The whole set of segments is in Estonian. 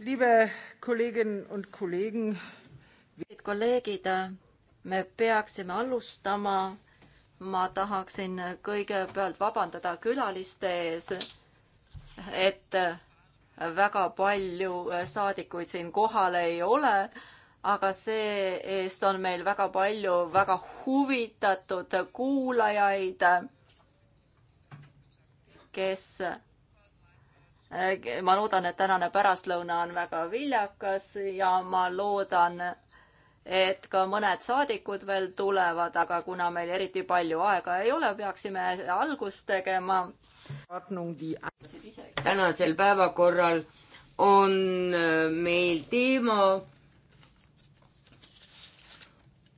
liebe Kolleginnen und Kollegen. head kolleegid, me peaksime alustama. ma tahaksin kõigepealt vabandada külaliste ees, et väga palju saadikuid siin kohal ei ole, aga see-eest on meil väga palju väga huvitatud kuulajaid, kes Äh, ma loodan, et tänane pärastlõuna on väga viljakas ja ma loodan, et ka mõned saadikud veel tulevad, aga kuna meil eriti palju aega ei ole, peaksime algust tegema. tänasel päevakorral on äh, meil teema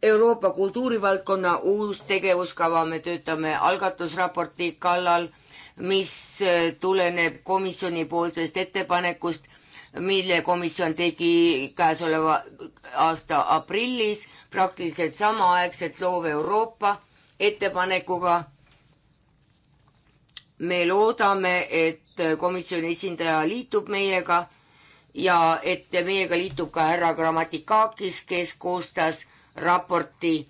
Euroopa kultuurivaldkonna uus tegevuskava, me töötame algatusraporti kallal mis äh, tuleneb komisjoni poolsest ettepanekust, mille komisjon tegi käesoleva aasta aprillis praktiliselt samaaegselt loov Euroopa ettepanekuga. me loodame, et komisjoni esindaja liitub meiega ja et meiega liitub ka härra Grammatikakis, kes koostas raporti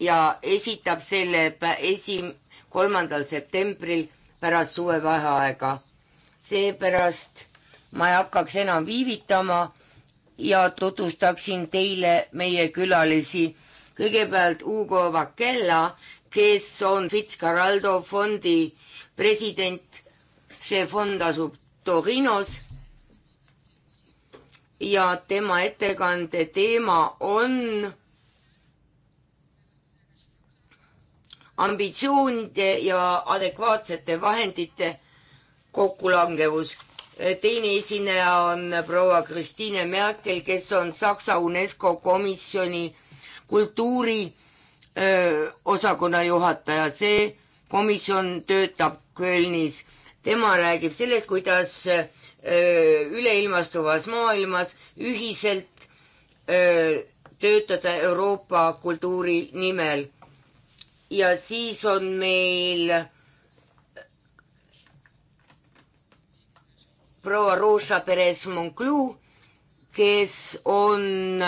ja esitab selle esi, kolmandal septembril pärast suvevaheaega. seepärast ma ei hakkaks enam viivitama ja tutvustaksin teile meie külalisi. kõigepealt Hugo Vakella, kes on Fitzcarraldo fondi president. see fond asub Torinos. ja tema ettekande teema on ambitsioonide ja adekvaatsete vahendite kokkulangevus. teine esineja on proua Kristiine Merkel, kes on Saksa UNESCO komisjoni kultuuri öö, osakonna juhataja. see komisjon töötab Kölnis. tema räägib sellest, kuidas üleilmastuvas maailmas ühiselt öö, töötada Euroopa kultuuri nimel ja siis on meil proua Roša Perez Monclou, kes on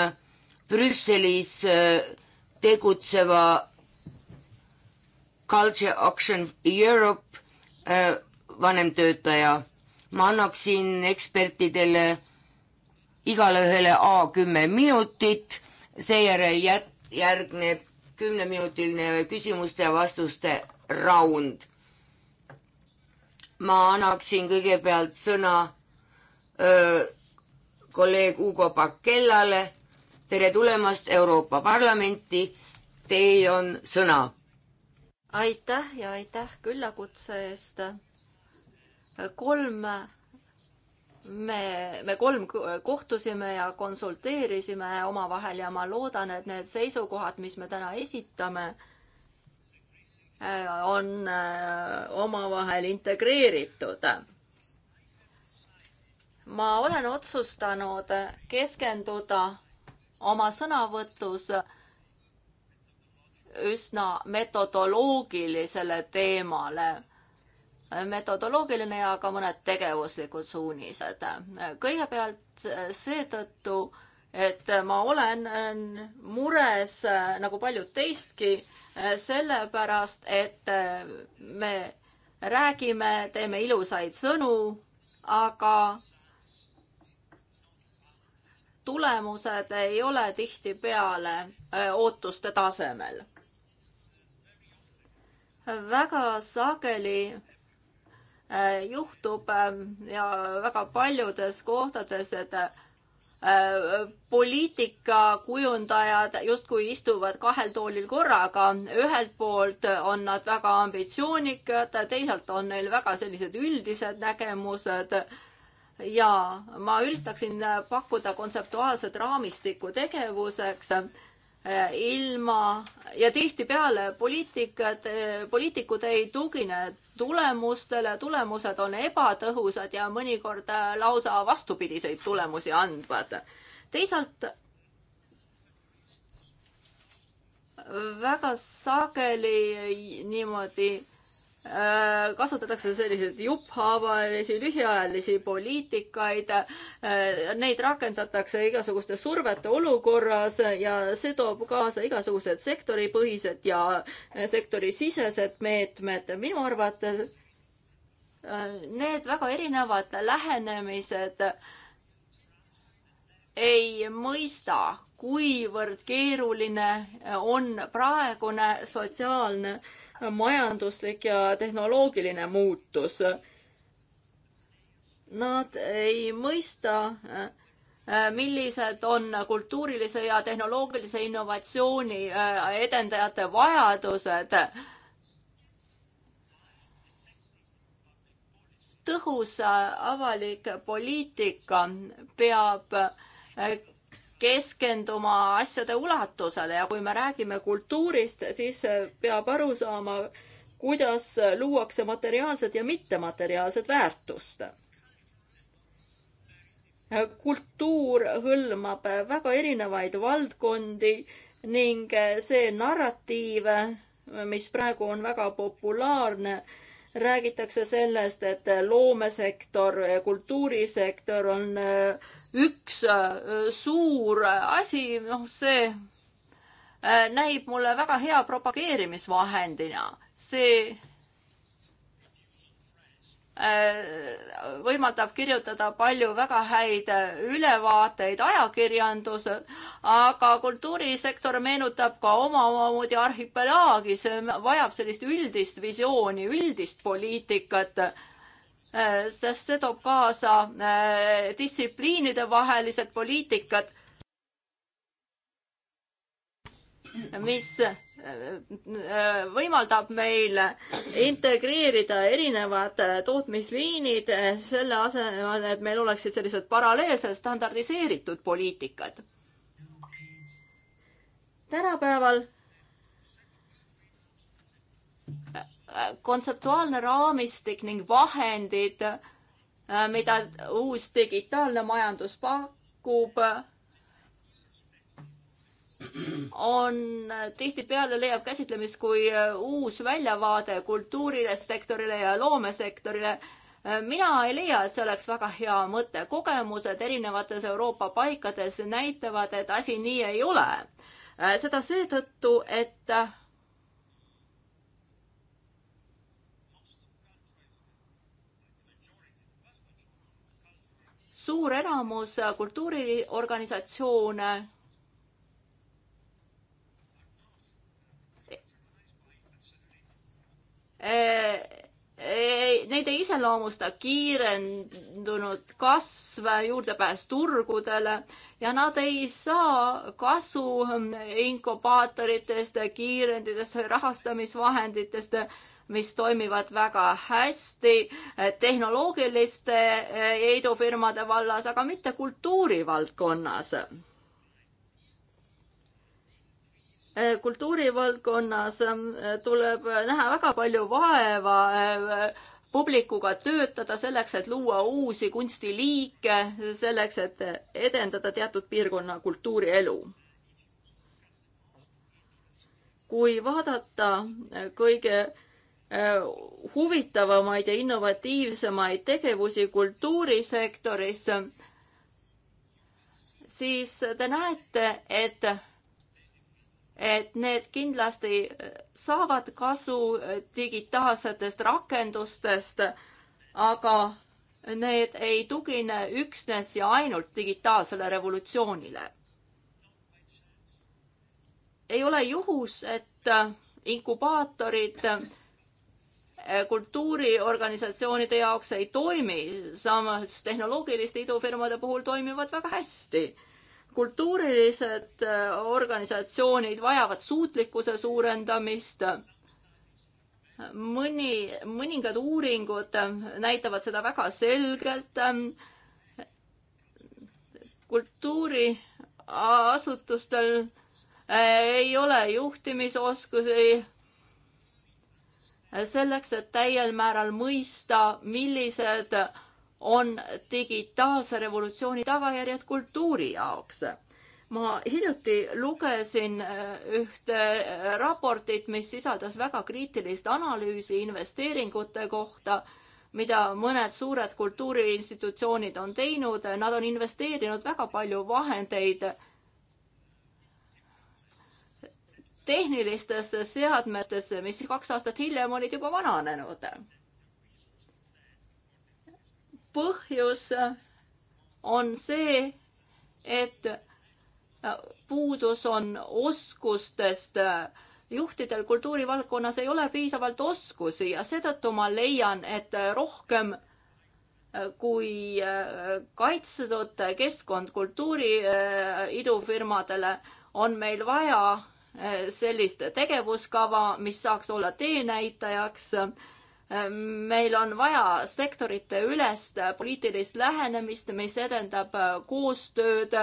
Brüsselis äh, tegutseva Culture Action Europe äh, vanemtöötaja. ma annaksin ekspertidele igale ühele A kümme minutit, seejärel jät-, järgneb kümneminutiline küsimuste ja vastuste raund. ma annaksin kõigepealt sõna öö, kolleeg Ugo Pakellale. tere tulemast Euroopa Parlamenti. Teil on sõna. aitäh ja aitäh küllakutse eest. kolm me, me kolm kohtusime ja konsulteerisime omavahel ja ma loodan, et need seisukohad, mis me täna esitame, äh, on äh, omavahel integreeritud. ma olen otsustanud keskenduda oma sõnavõtus üsna metodoloogilisele teemale metodoloogiline ja ka mõned tegevuslikud suunised. kõigepealt seetõttu, et ma olen mures nagu paljud teistki sellepärast, et me räägime, teeme ilusaid sõnu, aga tulemused ei ole tihtipeale äh, ootuste tasemel. väga sageli Äh, juhtub ähm, ja väga paljudes kohtades, et äh, poliitikakujundajad justkui istuvad kahel toolil korraga, ühelt poolt on nad väga ambitsioonikad, teisalt on neil väga sellised üldised nägemused ja ma üritaksin pakkuda kontseptuaalset raamistikku tegevuseks Eh, ilma ja tihtipeale poliitikad, eh, poliitikud ei tugine tulemustele, tulemused on ebatõhusad ja mõnikord eh, lausa vastupidiseid tulemusi andvad. teisalt väga sageli niimoodi Äh, kasutatakse selliseid jupphaavalisi lühiajalisi poliitikaid, äh, neid rakendatakse igasuguste survete olukorras ja see toob kaasa igasugused sektoripõhised ja äh, sektorisisesed meetmed. minu arvates need väga erinevad lähenemised ei mõista, kuivõrd keeruline on praegune sotsiaalne äh, majanduslik ja tehnoloogiline muutus. Nad ei mõista, äh, millised on kultuurilise ja tehnoloogilise innovatsiooni äh, edendajate vajadused tõhus äh, avalik poliitika peab keskenduma asjade ulatusele ja kui me räägime kultuurist, siis peab aru saama, kuidas luuakse materiaalset ja mittemateriaalset väärtust. kultuur hõlmab väga erinevaid valdkondi ning see narratiiv, mis praegu on väga populaarne, räägitakse sellest, et loomesektor, kultuurisektor on üks äh, suur äh, asi, noh, see äh, näib mulle väga hea propageerimisvahendina. see võimaldab kirjutada palju väga häid ülevaateid ajakirjandusel, aga kultuurisektor meenutab ka oma omamoodi arhipelaagi, see vajab sellist üldist visiooni, üldist poliitikat Äh, sest see toob kaasa äh, distsipliinide vahelised poliitikad, mis äh, võimaldab meil integreerida erinevad tootmisliinid selle asemel, et meil oleksid sellised paralleelsed standardiseeritud poliitikad. tänapäeval kontseptuaalne raamistik ning vahendid, äh, mida uus digitaalne majandus pakub, on tihtipeale leiab käsitlemist kui äh, uus väljavaade kultuurile, sektorile ja loomesektorile. Äh, mina ei leia, et see oleks väga hea mõte. kogemused erinevates Euroopa paikades näitavad, et asi nii ei ole. seda seetõttu, et suur enamus kultuuriorganisatsioone Neid ei iseloomusta kiirendunud kasv, juurdepääs turgudele ja nad ei saa kasu inkubaatoritest, kiirenditest, rahastamisvahenditest mis toimivad väga hästi eh, tehnoloogiliste eh, idufirmade vallas, aga mitte kultuurivaldkonnas eh, kultuurivaldkonnas tuleb näha väga palju vaeva publikuga töötada selleks, et luua uusi kunstiliike, selleks, et edendada teatud piirkonna kultuurielu. kui vaadata kõige Äh, huvitavamaid ja innovatiivsemaid tegevusi kultuurisektoris, siis te näete, et, et need kindlasti saavad kasu digitaalsetest rakendustest, aga need ei tugine üksnes ja ainult digitaalsele revolutsioonile. ei ole juhus, et inkubaatorid kultuuriorganisatsioonide jaoks ei toimi, samas tehnoloogiliste idufirmade puhul toimivad väga hästi kultuurilised äh, organisatsioonid vajavad suutlikkuse suurendamist. mõni, mõningad uuringud äh, näitavad seda väga selgelt. Äh, kultuuriasutustel ei ole juhtimisoskusi selleks, et täiel määral mõista, millised on digitaalse revolutsiooni tagajärjed kultuuri jaoks. ma hiljuti lugesin äh, ühte äh, raportit, mis sisaldas väga kriitilist analüüsi investeeringute kohta, mida mõned suured kultuuriinstitutsioonid on teinud, nad on investeerinud väga palju vahendeid tehnilistesse seadmetesse, mis kaks aastat hiljem olid juba vananenud. põhjus on see, et puudus on oskustest. juhtidel kultuurivaldkonnas ei ole piisavalt oskusi ja seetõttu ma leian, et rohkem kui kaitstud keskkond kultuuri idufirmadele on meil vaja sellist tegevuskava, mis saaks olla teenäitajaks. meil on vaja sektorite ülest poliitilist lähenemist, mis edendab koostööd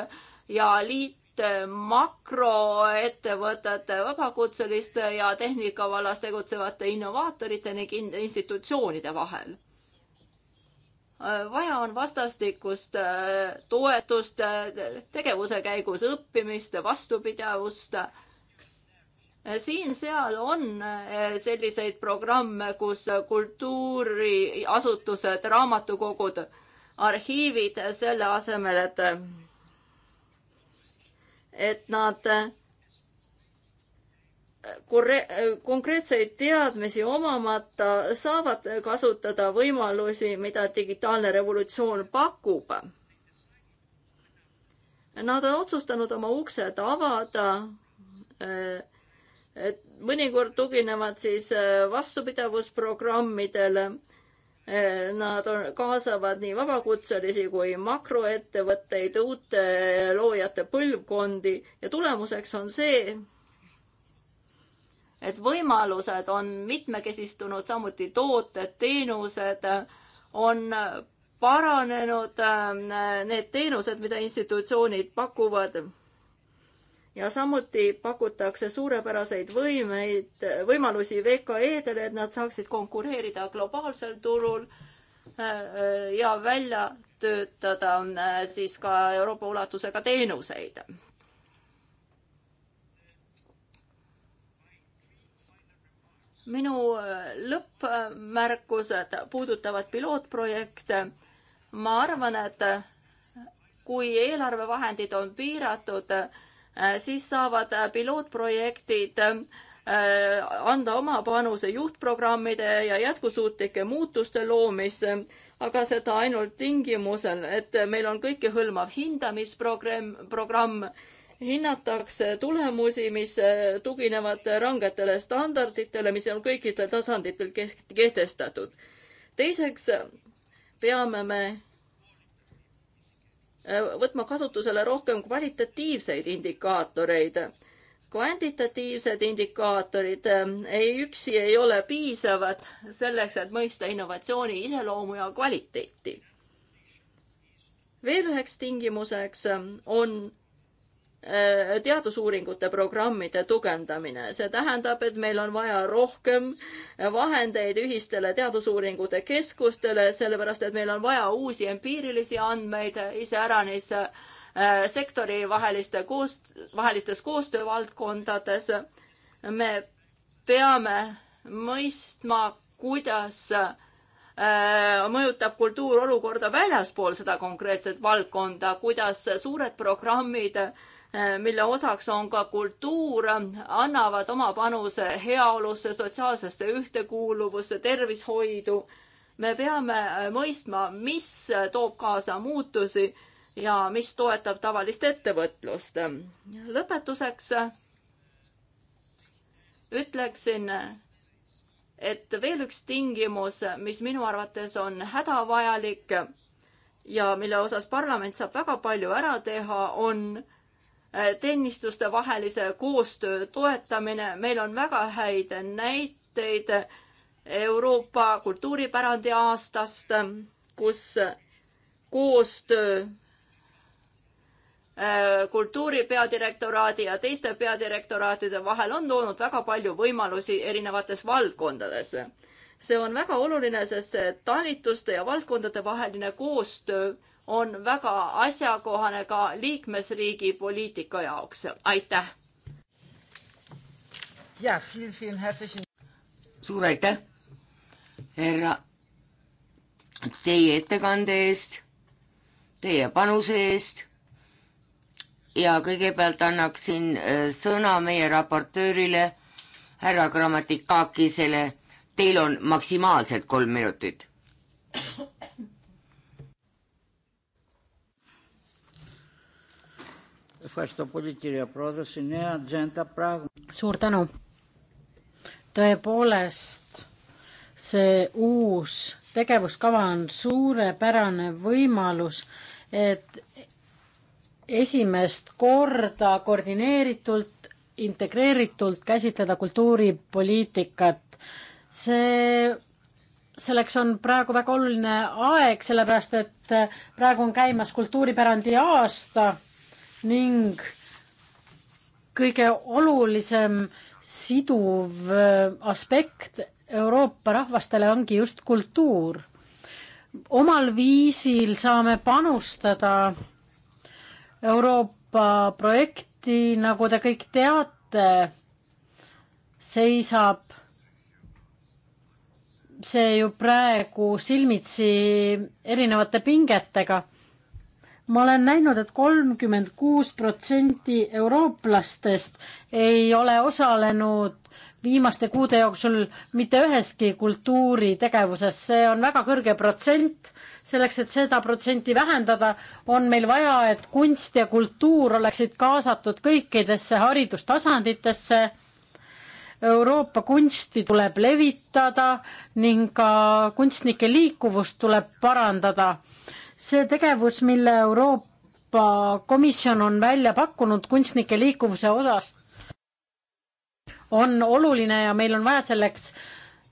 ja liit makroettevõtete, vabakutseliste ja tehnikavallas tegutsevate innovaatorite ning institutsioonide vahel vaja on vastastikust äh, toetust, äh, tegevuse käigus õppimist, vastupidavust siin-seal on eh, selliseid programme, kus kultuuriasutused, raamatukogud, arhiivid selle asemel, et, et nad eh, korre-, eh, konkreetseid teadmisi omamata saavad kasutada võimalusi, mida digitaalne revolutsioon pakub. Nad on otsustanud oma uksed avada äh, et mõnikord tuginevad siis äh, vastupidavusprogrammidele. Äh, nad on, kaasavad nii vabakutselisi kui makroettevõtteid, uute äh, loojate põlvkondi ja tulemuseks on see, et võimalused on mitmekesistunud, samuti tooted, teenused on paranenud, need teenused, mida institutsioonid pakuvad ja samuti pakutakse suurepäraseid võimeid, võimalusi VKE-dele, et nad saaksid konkureerida globaalsel turul äh, äh, ja välja töötada äh, siis ka Euroopa ulatusega teenuseid. minu lõppmärkused puudutavad pilootprojekte. ma arvan, et kui eelarvevahendid on piiratud, Äh, siis saavad äh, pilootprojektid äh, anda oma panuse juhtprogrammide ja jätkusuutlike muutuste loomisse, aga seda ainult tingimusel, et meil on kõikehõlmav hindamisprogramm, programm, hinnatakse tulemusi, mis tuginevad rangetele standarditele, mis on kõikidel tasanditel kehtestatud. teiseks peame me Äh, võtma kasutusele rohkem kvalitatiivseid indikaatoreid. kvantitatiivsed indikaatorid ähm, ei üksi ei ole piisavad selleks, et mõista innovatsiooni iseloomu ja kvaliteeti. veel üheks tingimuseks ähm, on Äh, teadusuuringute programmide tugevdamine. see tähendab, et meil on vaja rohkem vahendeid ühistele teadusuuringute keskustele, sellepärast et meil on vaja uusi empiirilisi andmeid iseäranis äh, sektorivaheliste koost-, vahelistes koostöövaldkondades. me peame mõistma, kuidas äh, mõjutab kultuur olukorda väljaspool seda konkreetset valdkonda, kuidas suured programmid äh, Äh, mille osaks on ka kultuur, annavad oma panuse heaolusse, sotsiaalsesse ühtekuuluvusse, tervishoidu. me peame äh, mõistma, mis äh, toob kaasa muutusi ja mis toetab tavalist ettevõtlust. lõpetuseks ütleksin, et veel üks tingimus, mis minu arvates on hädavajalik ja mille osas parlament saab väga palju ära teha, on Äh, teenistuste vahelise koostöö toetamine, meil on väga häid näiteid Euroopa kultuuripärandi aastast, kus koostöö äh, kultuuri peadirektoraadi ja teiste peadirektoraatide vahel on toonud väga palju võimalusi erinevates valdkondades. see on väga oluline, sest see talituste ja valdkondade vaheline koostöö on väga asjakohane ka liikmesriigi poliitika jaoks. aitäh! ja, suur aitäh, härra, teie ettekande eest, teie panuse eest ja kõigepealt annaksin äh, sõna meie raportöörile, härra Grammatikakisele. Teil on maksimaalselt kolm minutit suur tänu. tõepoolest, see uus tegevuskava on suurepärane võimalus, et esimest korda koordineeritult, integreeritult käsitleda kultuuripoliitikat. see, selleks on praegu väga oluline aeg, sellepärast et praegu on käimas kultuuripärandi aasta ning kõige olulisem siduv äh, aspekt Euroopa rahvastele ongi just kultuur. omal viisil saame panustada Euroopa projekti, nagu te kõik teate, seisab see ju praegu silmitsi erinevate pingetega ma olen näinud et, et kolmkümmend kuus protsenti eurooplastest ei ole osalenud viimaste kuude jooksul mitte üheski kultuuritegevuses, see on väga kõrge protsent. selleks, et seda protsenti vähendada, on meil vaja, et kunst ja kultuur oleksid kaasatud kõikidesse haridustasanditesse. Euroopa kunsti tuleb levitada ning ka kunstnike liikuvust tuleb parandada see tegevus, mille Euroopa Komisjon on välja pakkunud kunstnike liikuvuse osas, on oluline ja meil on vaja selleks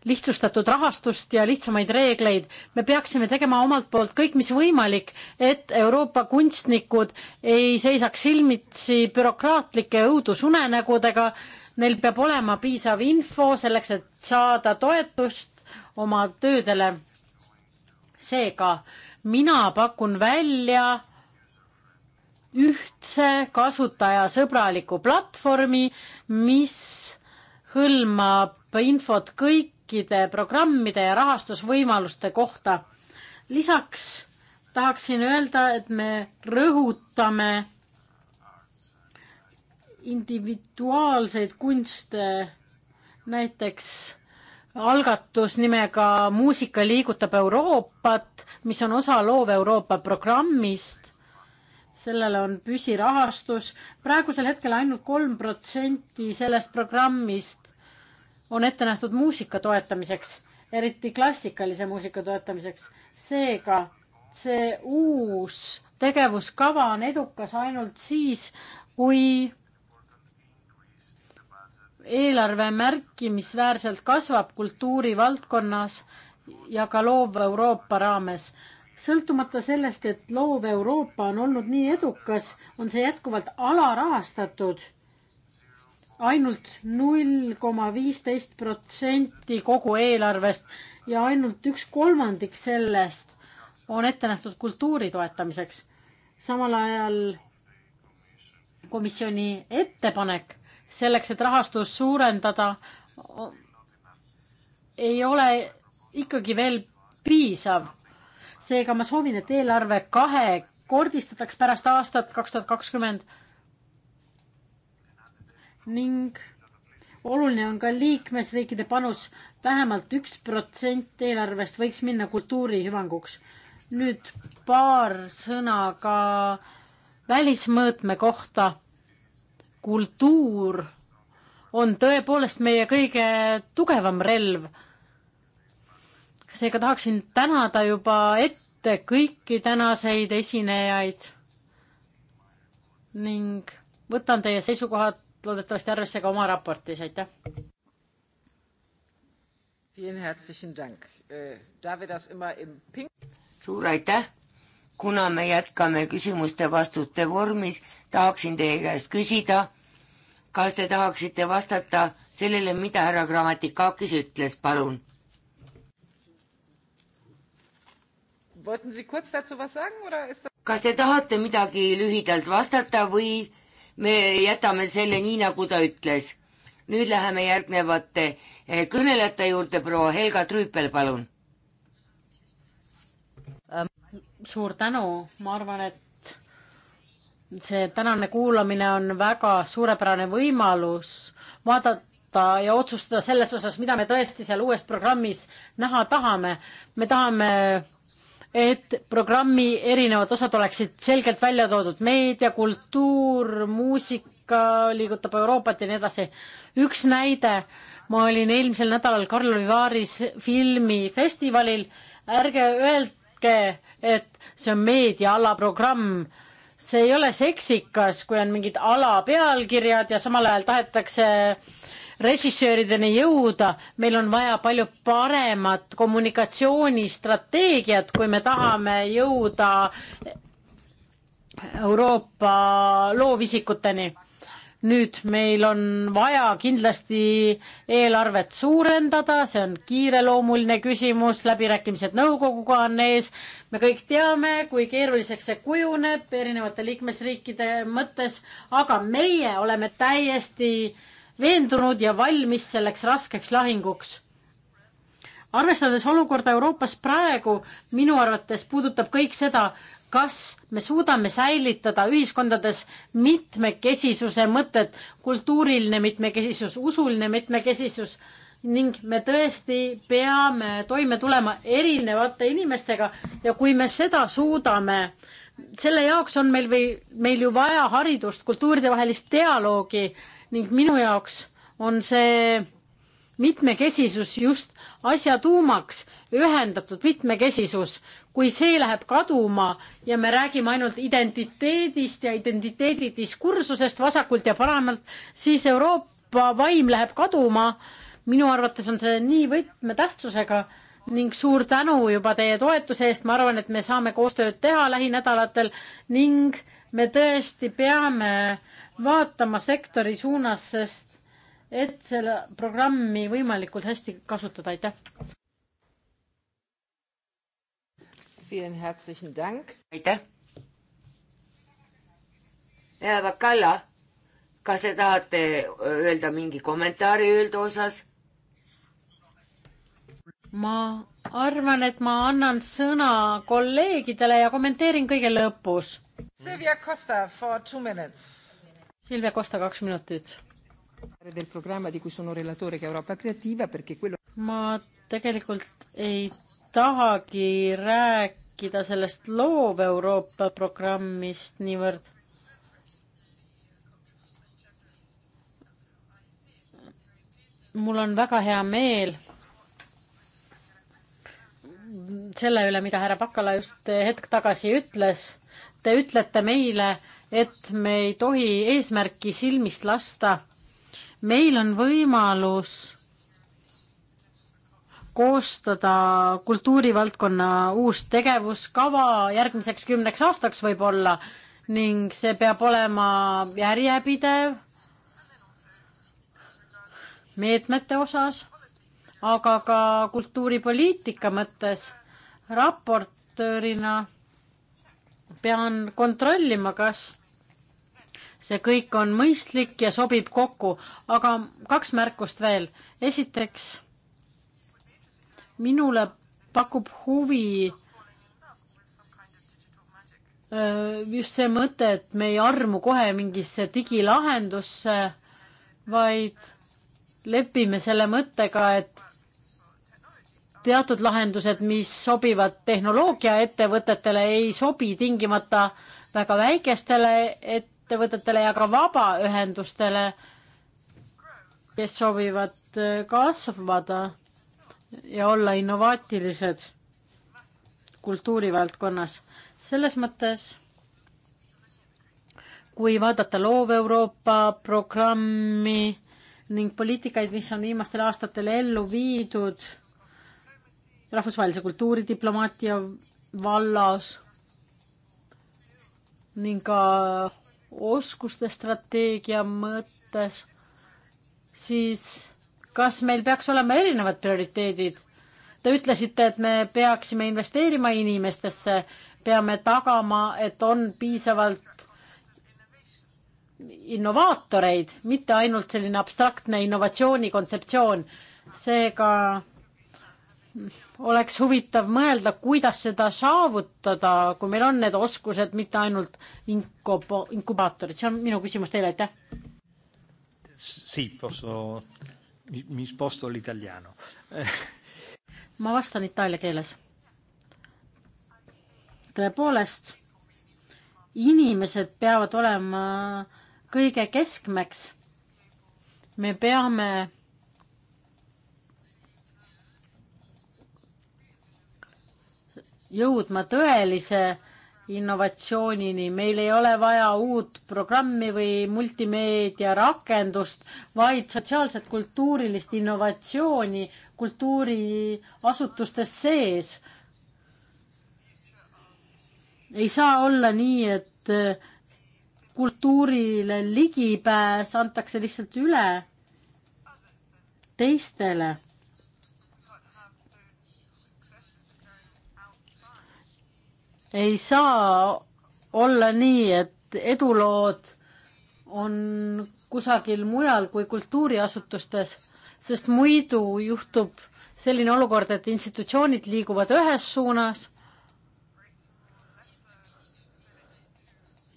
lihtsustatud rahastust ja lihtsamaid reegleid. me peaksime tegema omalt poolt kõik, mis võimalik, et Euroopa kunstnikud ei seisaks silmitsi bürokraatlike õudusunenägudega. Neil peab olema piisav info selleks, et saada toetust oma töödele. seega mina pakun välja ühtse kasutajasõbraliku platvormi, mis hõlmab infot kõikide programmide ja rahastusvõimaluste kohta. lisaks tahaksin öelda, et me rõhutame individuaalseid kunste, näiteks algatus nimega Muusika liigutab Euroopat, mis on osa Loov Euroopa programmist. sellele on püsirahastus. praegusel hetkel ainult kolm protsenti sellest programmist on ette nähtud muusika toetamiseks, eriti klassikalise muusika toetamiseks. seega see uus tegevuskava on edukas ainult siis, kui eelarve märkimisväärselt kasvab kultuurivaldkonnas ja ka loov Euroopa raames. sõltumata sellest, et loov Euroopa on olnud nii edukas, on see jätkuvalt alarahastatud ainult null koma viisteist protsenti kogu eelarvest ja ainult üks kolmandik sellest on ette nähtud kultuuri toetamiseks. samal ajal komisjoni ettepanek selleks, et rahastust suurendada, ei ole ikkagi veel piisav. seega ma soovin, et eelarve kahekordistataks pärast aastat kaks tuhat kakskümmend. ning oluline on ka liikmesriikide panus vähemalt, vähemalt üks protsent eelarvest võiks minna kultuuri hüvanguks. nüüd paar sõna ka välismõõtme kohta kultuur on tõepoolest meie kõige tugevam relv. seega tahaksin tänada juba ette kõiki tänaseid esinejaid ning võtan teie seisukohad loodetavasti arvesse ka oma raportis, aitäh. Äh, suur aitäh, kuna me jätkame küsimuste-vastuste vormis, tahaksin teie käest küsida kas te tahaksite vastata sellele, mida härra Grammatikakis ütles, palun? kas te tahate midagi lühidalt vastata või me jätame selle nii, nagu ta ütles? nüüd läheme järgnevate eh, kõnelejate juurde, proua Helga Trüüpel, palun. suur tänu, ma arvan, et see tänane kuulamine on väga suurepärane võimalus vaadata ja otsustada selles osas, mida me tõesti seal uues programmis näha tahame. me tahame, et programmi erinevad osad oleksid selgelt välja toodud, meedia, kultuur, muusika liigutab Euroopat ja nii edasi. üks näide, ma olin eelmisel nädalal Karlovi Vaaris filmifestivalil, ärge öelge, et see on meedia alaprogramm see ei ole seksikas, kui on mingid alapealkirjad ja samal ajal tahetakse režissöörideni jõuda, meil on vaja palju paremat kommunikatsioonistrateegiat, kui me tahame jõuda Euroopa loovisikuteni nüüd meil on vaja kindlasti eelarvet suurendada, see on kiireloomuline küsimus, läbirääkimised nõukoguga on ees. me kõik teame, kui keeruliseks see kujuneb erinevate liikmesriikide mõttes, aga meie oleme täiesti veendunud ja valmis selleks raskeks lahinguks arvestades olukorda Euroopas praegu, minu arvates puudutab kõik seda, kas me suudame säilitada ühiskondades mitmekesisuse mõtet, kultuuriline mitmekesisus, usuline mitmekesisus ning me tõesti peame toime tulema erinevate inimestega ja kui me seda suudame, selle jaoks on meil või meil ju vaja haridust, kultuuridevahelist dialoogi ning minu jaoks on see mitmekesisus just asja tuumaks ühendatud mitmekesisus, kui see läheb kaduma ja me räägime ainult identiteedist ja identiteedi diskursusest vasakult ja paremalt, siis Euroopa vaim läheb kaduma. minu arvates on see nii võtmetähtsusega ning suur tänu juba teie toetuse eest, ma arvan, et me saame koostööd teha lähinädalatel ning me tõesti peame vaatama sektori suunas, sest et selle programmi võimalikult hästi kasutada, aitäh! aitäh. härra Bakala, kas te tahate äh, öelda mingi kommentaari öelda osas? ma arvan, et ma annan sõna kolleegidele ja kommenteerin kõige lõpus. Silvia Costa for two minutes. Silvia Costa, kaks minutit. del programma di cui sono relatore che Euroopa Creativa perché quello ma tegelikult ei tahagi rääkida sellest loov Euroopa programmist niivõrd. mul on väga hea meel selle üle, mida härra Pakala just hetk tagasi ütles. Te ütlete meile, et me ei tohi eesmärki silmist lasta. meil on võimalus koostada kultuurivaldkonna uus tegevuskava järgmiseks kümneks aastaks võib-olla ning see peab olema järjepidev meetmete osas, aga ka kultuuripoliitika mõttes raportöörina pean kontrollima, kas see kõik on mõistlik ja sobib kokku, aga kaks märkust veel. esiteks minule pakub huvi äh, just see mõte, et me ei armu kohe mingisse digilahendusse, vaid lepime selle mõttega, et teatud lahendused, mis sobivad tehnoloogiaettevõtetele, ei sobi tingimata väga väikestele ettevõtetele ja ka vabaühendustele, kes soovivad äh, kasvada ja olla innovaatilised kultuurivaldkonnas. selles mõttes, kui vaadata loov Euroopa programmi ning poliitikaid, mis on viimastel aastatel ellu viidud rahvusvahelise kultuuridiplomaatia vallas ning ka oskuste strateegia mõttes, siis kas meil peaks olema erinevad prioriteedid? Te ütlesite, et me peaksime investeerima inimestesse, peame tagama, et on piisavalt innovaatoreid, mitte ainult selline abstraktne innovatsiooni kontseptsioon. seega oleks huvitav mõelda, kuidas seda saavutada, kui meil on need oskused, mitte ainult inkubo-, inkubaatorid, see on minu küsimus teile, aitäh. Sì, posso mi, mi sposto all'italiano. ma vastan itaalia keeles. tõepoolest, inimesed peavad olema kõige keskmeks. me peame jõudma tõelise innovatsioonini. meil ei ole vaja uut programmi või multimeedia rakendust, vaid sotsiaalset kultuurilist innovatsiooni kultuuriasutustes sees. ei saa olla nii, et eh, kultuurile ligipääs antakse lihtsalt üle teistele ei saa olla nii, et edulood on kusagil mujal kui kultuuriasutustes, sest muidu juhtub selline olukord, et institutsioonid liiguvad ühes suunas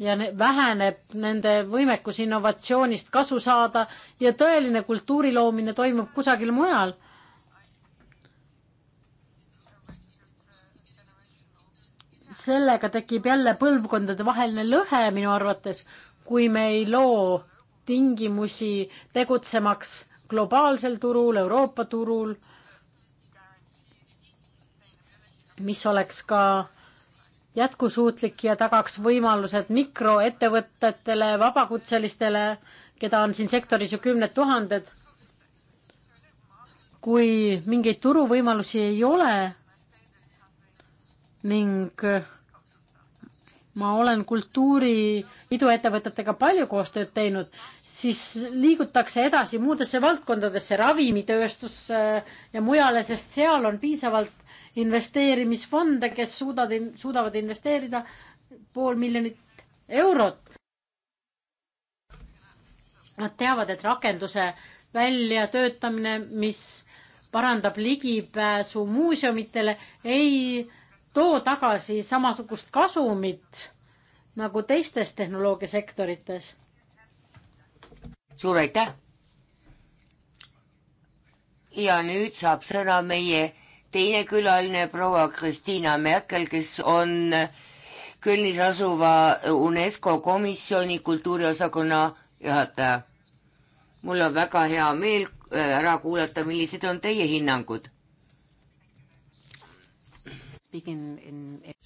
ja ne väheneb nende võimekus innovatsioonist kasu saada ja tõeline kultuuri loomine toimub kusagil mujal sellega tekib jälle põlvkondade vaheline lõhe minu arvates, kui me ei loo tingimusi tegutsemaks globaalsel turul, Euroopa turul, mis oleks ka jätkusuutlik ja tagaks võimalused mikroettevõtetele, vabakutselistele, keda on siin sektoris ju kümned tuhanded. kui mingeid turuvõimalusi ei ole ning eh, ma olen kultuuri iduettevõtetega palju koostööd teinud, siis liigutakse edasi muudesse valdkondadesse, ravimitööstusse ja mujale, sest seal on piisavalt investeerimisfonde, kes suudavad, suudavad investeerida pool miljonit eurot. Nad teavad, et rakenduse väljatöötamine, mis parandab ligipääsu muuseumitele, ei too tagasi samasugust kasumit nagu teistes tehnoloogiasektorites? suur aitäh! ja nüüd saab sõna meie teine külaline, proua Kristiina Merkel, kes on Kölnis asuva UNESCO komisjoni kultuuriosakonna juhataja. mul on väga hea meel äh, ära kuulata, millised on teie hinnangud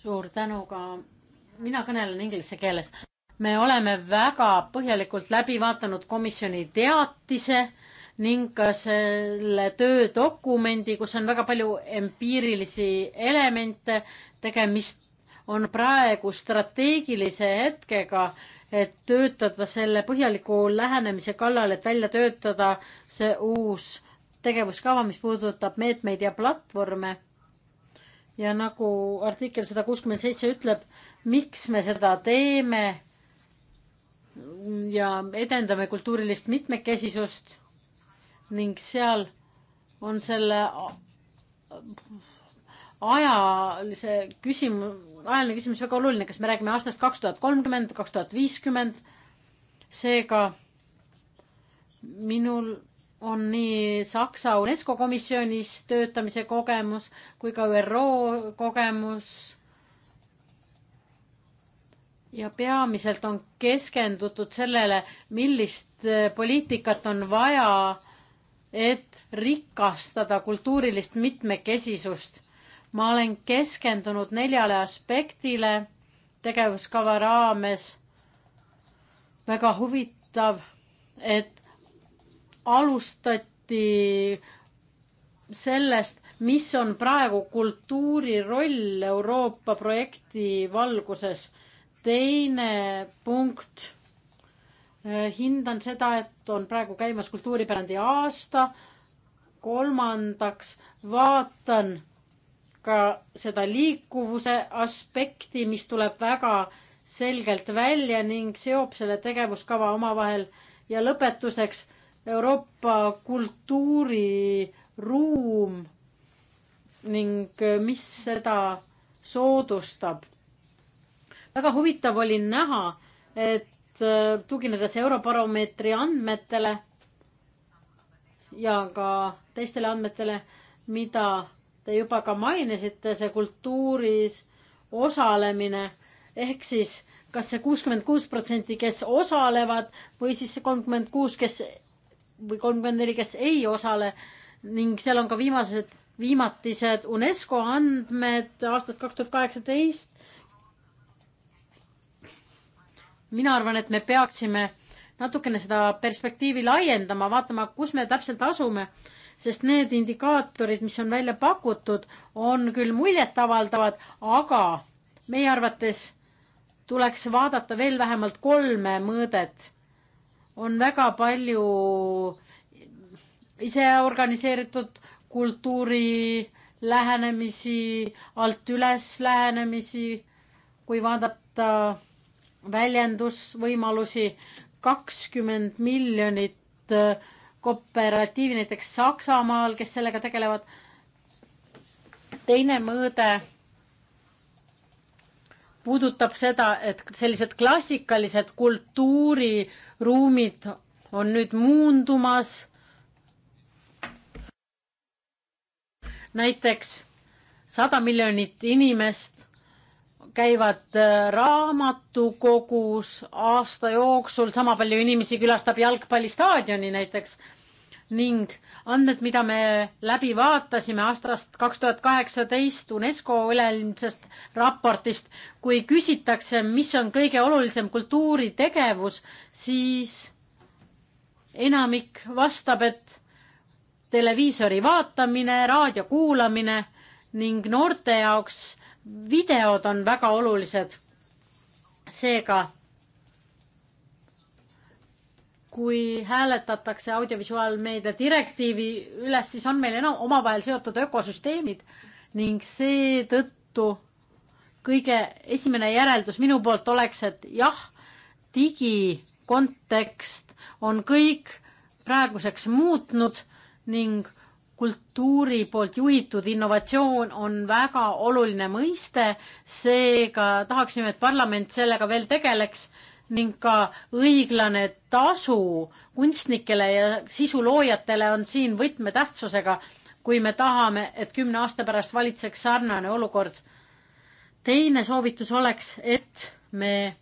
suur tänu ka, mina kõnelen inglise keeles. me oleme väga põhjalikult läbi vaadanud komisjoni teatise ning ka selle töödokumendi, kus on väga palju empiirilisi elemente. tegemist on praegu strateegilise hetkega, et töötada selle põhjaliku lähenemise kallal, et välja töötada see uus tegevuskava, mis puudutab meetmeid ja platvorme ja nagu artikkel sada kuuskümmend seitse ütleb, miks me seda teeme ja edendame kultuurilist mitmekesisust ning seal on selle ajalise küsimus, ajaline küsimus väga oluline, kas me räägime aastast kaks tuhat kolmkümmend, kaks tuhat viiskümmend. seega minul on nii Saksa UNESCO komisjonis töötamise kogemus kui ka ÜRO kogemus. ja peamiselt on keskendutud sellele, millist eh, poliitikat on vaja, et rikastada kultuurilist mitmekesisust. ma olen keskendunud neljale aspektile tegevuskava raames. väga huvitav, et alustati sellest, mis on praegu kultuuri roll Euroopa projekti valguses. teine punkt, eh, hindan seda, et on praegu käimas kultuuripärandi aasta. kolmandaks vaatan ka seda liikuvuse aspekti, mis tuleb väga selgelt välja ning seob selle tegevuskava omavahel ja lõpetuseks Euroopa kultuuriruum ning mis seda soodustab. väga huvitav oli näha, et äh, tuginedes Eurobaromeetri andmetele ja ka teistele andmetele, mida te juba ka mainisite, see kultuuris osalemine ehk siis kas see kuuskümmend kuus protsenti, kes osalevad või siis see kolmkümmend kuus, kes või kolmkümmend neli, kes ei osale ning seal on ka viimased, viimatised UNESCO andmed aastast kaks tuhat kaheksateist. mina arvan, et me peaksime natukene seda perspektiivi laiendama, vaatama, kus me täpselt asume, sest need indikaatorid, mis on välja pakutud, on küll muljetavaldavad, aga meie arvates tuleks vaadata veel vähemalt kolme mõõdet on väga palju iseorganiseeritud kultuuri lähenemisi, alt üles lähenemisi, kui vaadata väljendusvõimalusi, kakskümmend miljonit äh, kooperatiivi näiteks Saksamaal, kes sellega tegelevad. teine mõõde puudutab seda, et sellised klassikalised kultuuriruumid on nüüd muundumas. näiteks sada miljonit inimest käivad äh, raamatukogus aasta jooksul, sama palju inimesi külastab jalgpallistaadioni näiteks ning andmed, mida me läbi vaatasime aastast kaks tuhat kaheksateist UNESCO üleilmsest raportist, kui küsitakse, mis on kõige olulisem kultuuritegevus, siis enamik vastab, et televiisori vaatamine, raadio kuulamine ning noorte jaoks videod on väga olulised. seega kui hääletatakse audiovisuaalmeedia direktiivi üles, siis on meil enam omavahel seotud ökosüsteemid ning seetõttu kõige esimene järeldus minu poolt oleks, et jah, digikontekst on kõik praeguseks muutnud ning kultuuri poolt juhitud innovatsioon on väga oluline mõiste, seega tahaksime, et parlament sellega veel tegeleks ning ka õiglane tasu kunstnikele ja sisuloojatele on siin võtmetähtsusega, kui me tahame, et kümne aasta pärast valitseks sarnane olukord. teine soovitus oleks, et me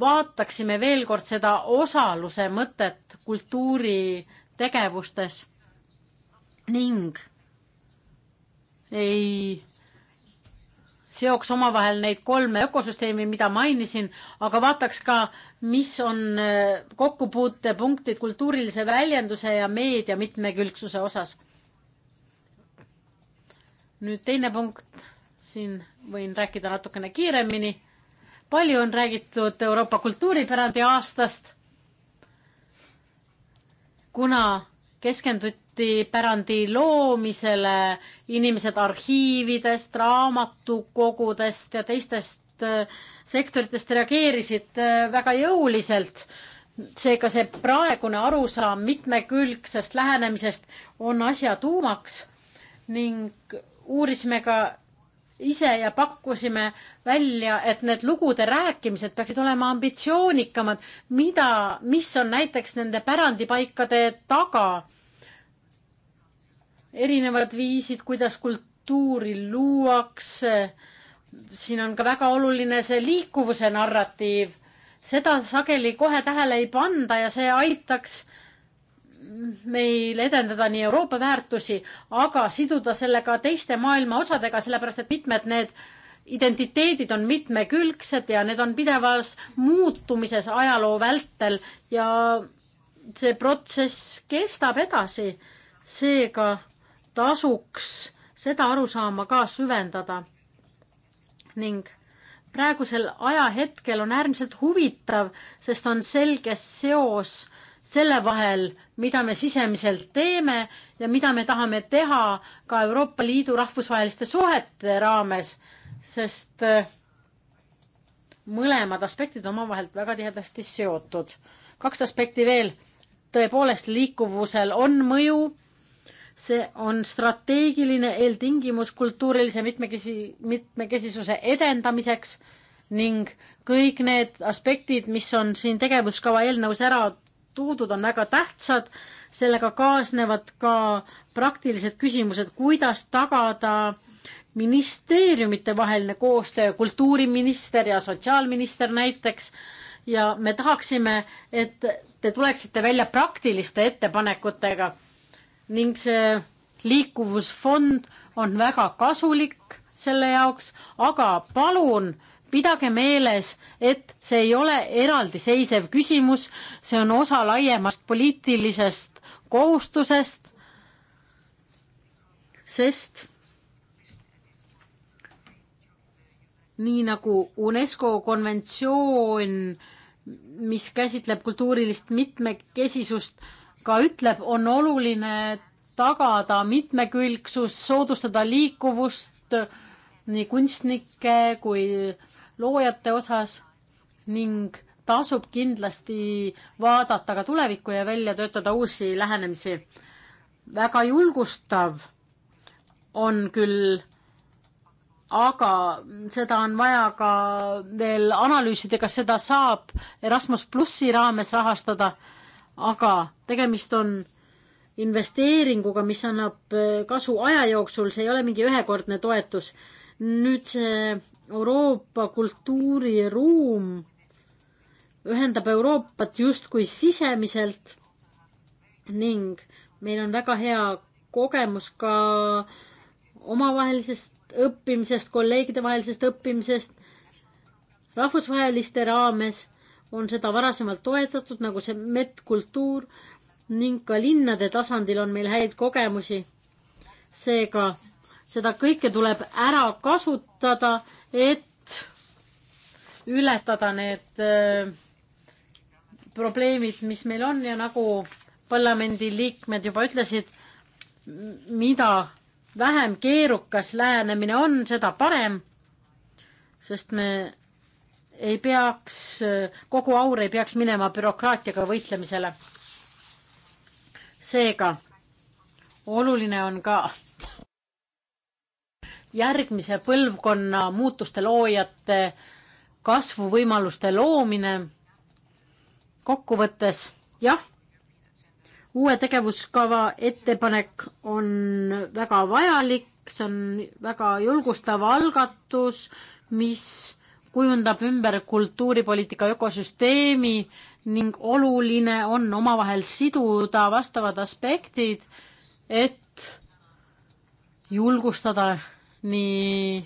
vaataksime veel kord seda osaluse mõtet kultuuritegevustes ning ei seoks omavahel neid kolme ökosüsteemi, mida mainisin, aga vaataks ka, mis on äh, kokkupuutepunktid kultuurilise väljenduse ja meedia mitmekülgsuse osas. nüüd teine punkt, siin võin rääkida natukene kiiremini. palju on räägitud Euroopa kultuuripärandi aastast, kuna keskenduti kunstipärandi loomisele, inimesed arhiividest, raamatukogudest ja teistest äh, sektoritest reageerisid äh, väga jõuliselt. seega see praegune arusaam mitmekülgsest lähenemisest on asja tuumaks ning uurisime ka ise ja pakkusime välja, et need lugude rääkimised peaksid olema ambitsioonikamad, mida, mis on näiteks nende pärandipaikade taga erinevad viisid, kuidas kultuuri luuakse. siin on ka väga oluline see liikuvuse narratiiv, seda sageli kohe tähele ei panda ja see aitaks meil edendada nii Euroopa väärtusi, aga siduda selle ka teiste maailma osadega, sellepärast et mitmed need identiteedid on mitmekülgsed ja need on pidevas muutumises ajaloo vältel ja see protsess kestab edasi. seega tasuks seda arusaama ka süvendada. ning praegusel ajahetkel on äärmiselt huvitav, sest on selge seos selle vahel, mida me sisemiselt teeme ja mida me tahame teha ka Euroopa Liidu rahvusvaheliste suhete raames, sest äh, mõlemad aspektid omavahel väga tihedasti seotud. kaks aspekti veel. tõepoolest, liikuvusel on mõju see on strateegiline eeltingimus kultuurilise mitmekesi, mitmekesisuse edendamiseks ning kõik need aspektid, mis on siin tegevuskava eelnõus ära toodud, on väga tähtsad. sellega kaasnevad ka praktilised küsimused, kuidas tagada ministeeriumite vaheline koostöö, kultuuriminister ja sotsiaalminister näiteks ja me tahaksime, et te tuleksite välja praktiliste ettepanekutega ning see liikuvusfond on väga kasulik selle jaoks, aga palun pidage meeles, et see ei ole eraldiseisev küsimus, see on osa laiemast poliitilisest kohustusest, sest nii nagu UNESCO konventsioon, mis käsitleb kultuurilist mitmekesisust, ka ütleb, on oluline tagada mitmekülgsus, soodustada liikuvust nii kunstnike kui loojate osas ning tasub kindlasti vaadata ka tulevikku ja välja töötada uusi lähenemisi. väga julgustav on küll, aga seda on vaja ka veel analüüsida, kas seda saab Erasmus plussi raames rahastada aga tegemist on investeeringuga, mis annab äh, kasu aja jooksul, see ei ole mingi ühekordne toetus. nüüd see Euroopa kultuuriruum ühendab Euroopat justkui sisemiselt ning meil on väga hea kogemus ka omavahelisest õppimisest, kolleegide vahelisest õppimisest rahvusvaheliste raames on seda varasemalt toetatud, nagu see medkultuur ning ka linnade tasandil on meil häid kogemusi. seega seda kõike tuleb ära kasutada, et ületada need öö, äh, probleemid, mis meil on ja nagu parlamendi liikmed juba ütlesid, mida vähem keerukas lähenemine on, seda parem. sest me ei peaks, kogu aur ei peaks minema bürokraatiaga võitlemisele. seega oluline on ka järgmise põlvkonna muutuste loojate kasvuvõimaluste loomine. kokkuvõttes jah, uue tegevuskava ettepanek on väga vajalik, see on väga julgustav algatus, mis kujundab ümber kultuuripoliitika ökosüsteemi ning oluline on omavahel siduda vastavad aspektid, et julgustada nii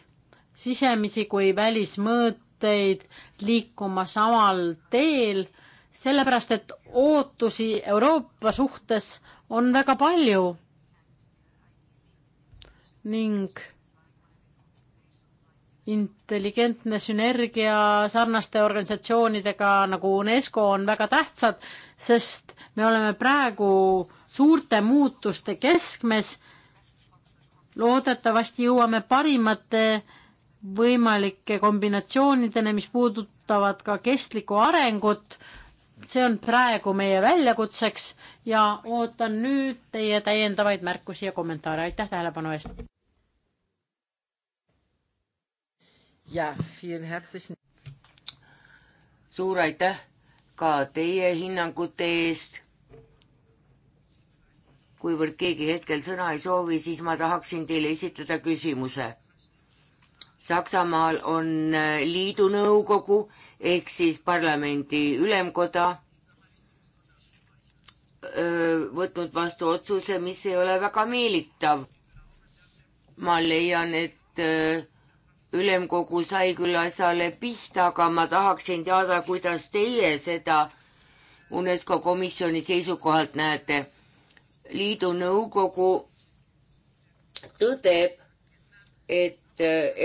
sisemisi kui välismõõteid liikuma samal teel, sellepärast et ootusi Euroopa suhtes on väga palju ning intelligentne sünergia sarnaste organisatsioonidega nagu UNESCO on väga tähtsad, sest me oleme praegu suurte muutuste keskmes. loodetavasti jõuame parimate võimalike kombinatsioonideni, mis puudutavad ka kestlikku arengut. see on praegu meie väljakutseks ja ootan nüüd teie täiendavaid märkusi ja kommentaare, aitäh tähelepanu eest! suur aitäh ka teie hinnangute eest. kuivõrd keegi hetkel sõna ei soovi, siis ma tahaksin teile esitada küsimuse. Saksamaal on äh, liidu nõukogu ehk siis parlamendi ülemkoda äh, võtnud vastu otsuse, mis ei ole väga meelitav. ma leian, et äh, ülemkogu sai küll asjale pihta, aga ma tahaksin teada, kuidas teie seda UNESCO komisjoni seisukohalt näete. liidu nõukogu tõdeb, et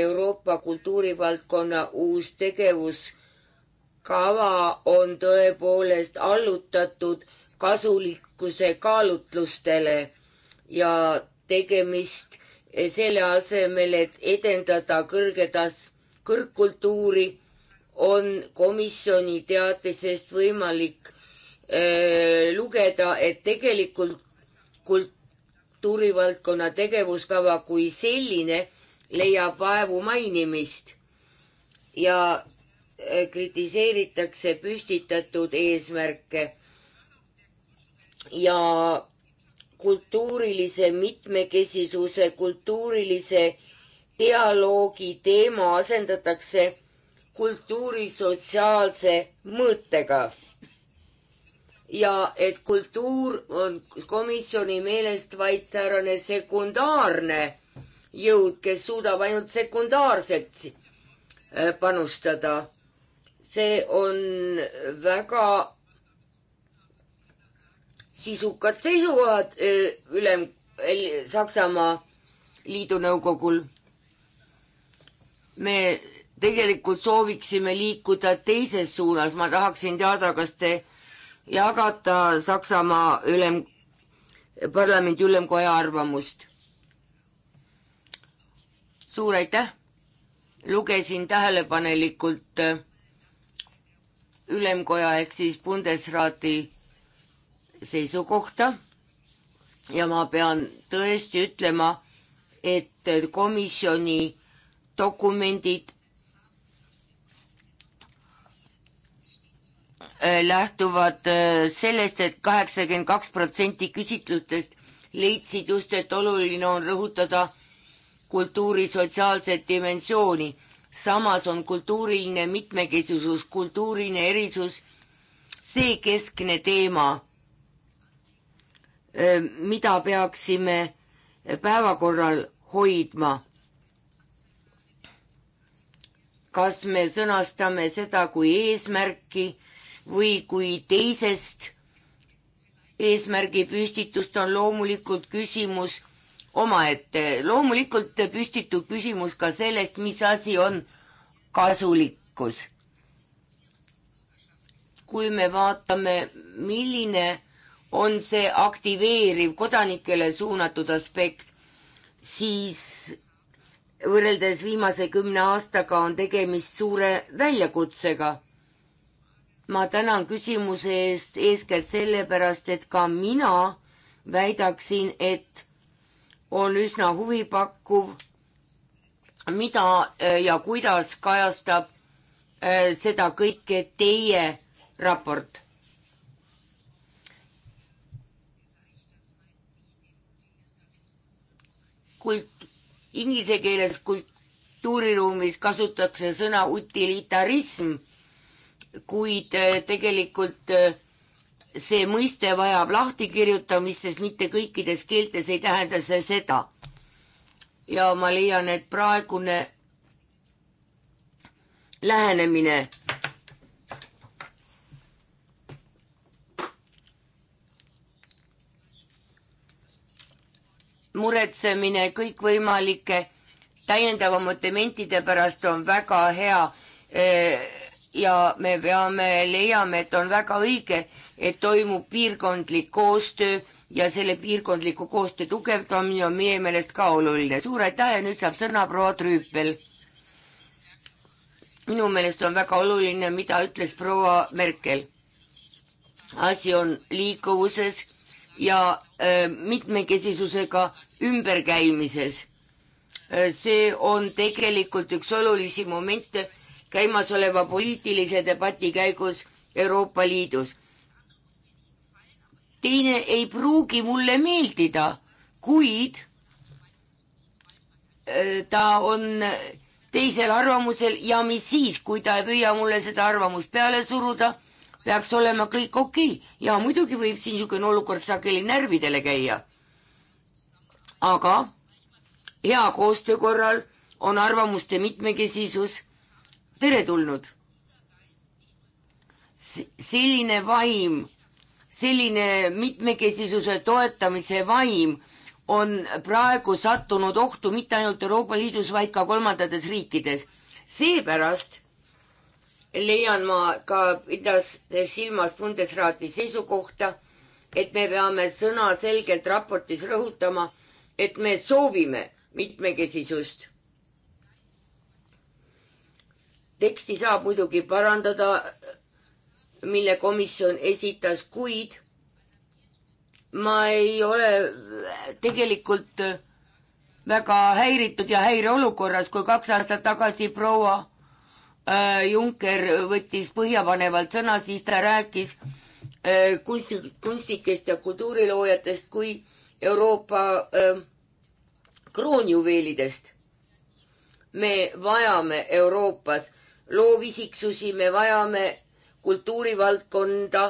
Euroopa kultuurivaldkonna uus tegevuskava on tõepoolest allutatud kasulikkuse kaalutlustele ja tegemist selle asemel, et edendada kõrgetas-, kõrgkultuuri, on komisjoni teatisest võimalik öö, äh, lugeda, et tegelikult kultuurivaldkonna tegevuskava kui selline leiab vaevu mainimist ja äh, kritiseeritakse püstitatud eesmärke ja kultuurilise mitmekesisuse, kultuurilise dialoogi teema asendatakse kultuuri sotsiaalse mõõtega. ja et kultuur on komisjoni meelest vaid säärane sekundaarne jõud, kes suudab ainult sekundaarselt äh, panustada. see on väga sisukad seisukohad eh, ülem Saksamaa liidunõukogul. me tegelikult sooviksime liikuda teises suunas, ma tahaksin teada, kas te jagate Saksamaa ülem, parlamendi ülemkoja arvamust? suur aitäh, lugesin tähelepanelikult eh, ülemkoja ehk siis Bundesrati seisukohta ja ma pean tõesti ütlema, et komisjoni dokumendid äh, lähtuvad äh, sellest et, et kaheksakümmend kaks protsenti küsitlustest leidsid just, et oluline on rõhutada kultuuri sotsiaalset dimensiooni. samas on kultuuriline mitmekesisus, kultuuriline erisus see keskne teema mida peaksime päevakorral hoidma. kas me sõnastame seda kui eesmärki või kui teisest eesmärgipüstitust on loomulikult küsimus omaette. loomulikult püstitub küsimus ka sellest, mis asi on kasulikkus. kui me vaatame, milline on see aktiveeriv kodanikele suunatud aspekt, siis võrreldes viimase kümne aastaga on tegemist suure väljakutsega. ma tänan küsimuse eest eeskätt sellepärast, et ka mina väidaksin, et on üsna huvipakkuv, mida äh, ja kuidas kajastab äh, seda kõike teie raport kult-, inglise keeles kultuuriruumis kasutatakse sõna utilitarism, kuid äh, tegelikult äh, see mõiste vajab lahtikirjutamist, sest mitte kõikides keeltes ei tähenda see seda. ja ma leian, et praegune lähenemine muretsemine kõikvõimalike täiendava momentide pärast on väga hea eh, ja me peame, leiame, et on väga õige, et toimub piirkondlik koostöö ja selle piirkondliku koostöö tugevdamine on meie meelest ka oluline. suur aitäh ja nüüd saab sõna proua Trüüpel. minu meelest on väga oluline, mida ütles proua Merkel. asi on liikuvuses ja mitmekesisusega ümberkäimises. see on tegelikult üks olulisi momente käimasoleva poliitilise debati käigus Euroopa Liidus. teine ei pruugi mulle meeldida, kuid ta on teisel arvamusel ja mis siis, kui ta ei püüa mulle seda arvamust peale suruda peaks olema kõik okei okay. ja muidugi võib siin niisugune olukord sageli närvidele käia. aga hea koostöö korral on arvamuste mitmekesisus teretulnud. selline vaim, selline mitmekesisuse toetamise vaim on praegu sattunud ohtu mitte ainult Euroopa Liidus, vaid ka kolmandates riikides. seepärast leian ma ka, pidades silmas Bundesrati seisukohta, et me peame sõnaselgelt raportis rõhutama, et me soovime mitmekesisust. teksti saab muidugi parandada, mille komisjon esitas, kuid ma ei ole tegelikult väga häiritud ja häireolukorras, kui kaks aastat tagasi proua Äh, Juncker võttis põhjapanevalt sõna, siis ta rääkis äh, kunsti, kunstnikest ja kultuuriloojatest kui Euroopa äh, kroonjuveelidest. me vajame Euroopas loovisiksusi, me vajame kultuurivaldkonda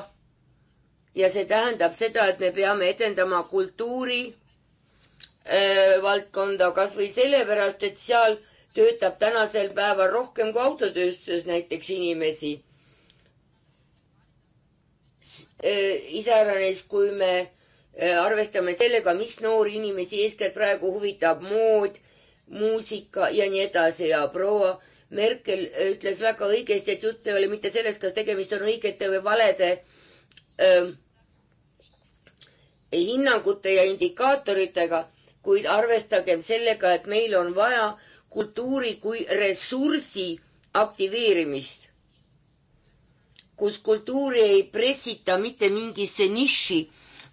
ja see tähendab seda, et me peame edendama kultuuri äh, valdkonda kas või sellepärast, et seal äh, töötab tänasel päeval rohkem kui autotööstuses näiteks inimesi. Äh, iseäranis, kui me äh, arvestame sellega, mis noori inimesi eeskätt praegu huvitab mood, muusika ja nii edasi ja proua Merkel äh, ütles väga õigesti, et jutt ei ole mitte sellest, kas tegemist on õigete või valede öö, ähm, hinnangute ja indikaatoritega, kuid arvestagem sellega, et meil on vaja kultuuri kui ressursi aktiveerimist, kus kultuuri ei pressita mitte mingisse niši,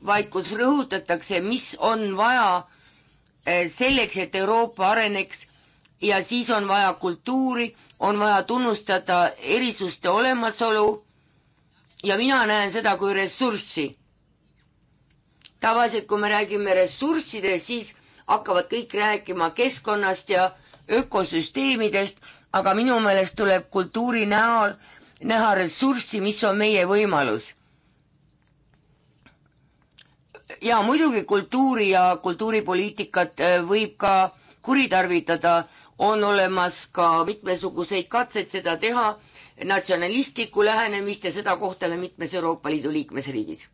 vaid kus rõhutatakse, mis on vaja eh, selleks, et Euroopa areneks ja siis on vaja kultuuri, on vaja tunnustada erisuste olemasolu ja mina näen seda kui ressurssi. tavaliselt, kui me räägime ressurssidest, siis hakkavad kõik rääkima keskkonnast ja ökosüsteemidest, aga minu meelest tuleb kultuuri näol näha ressurssi, mis on meie võimalus. ja muidugi kultuuri ja kultuuripoliitikat äh, võib ka kuritarvitada, on olemas ka mitmesuguseid katseid seda teha, natsionalistlikku lähenemist ja seda kohtame mitmes Euroopa Liidu liikmesriigis.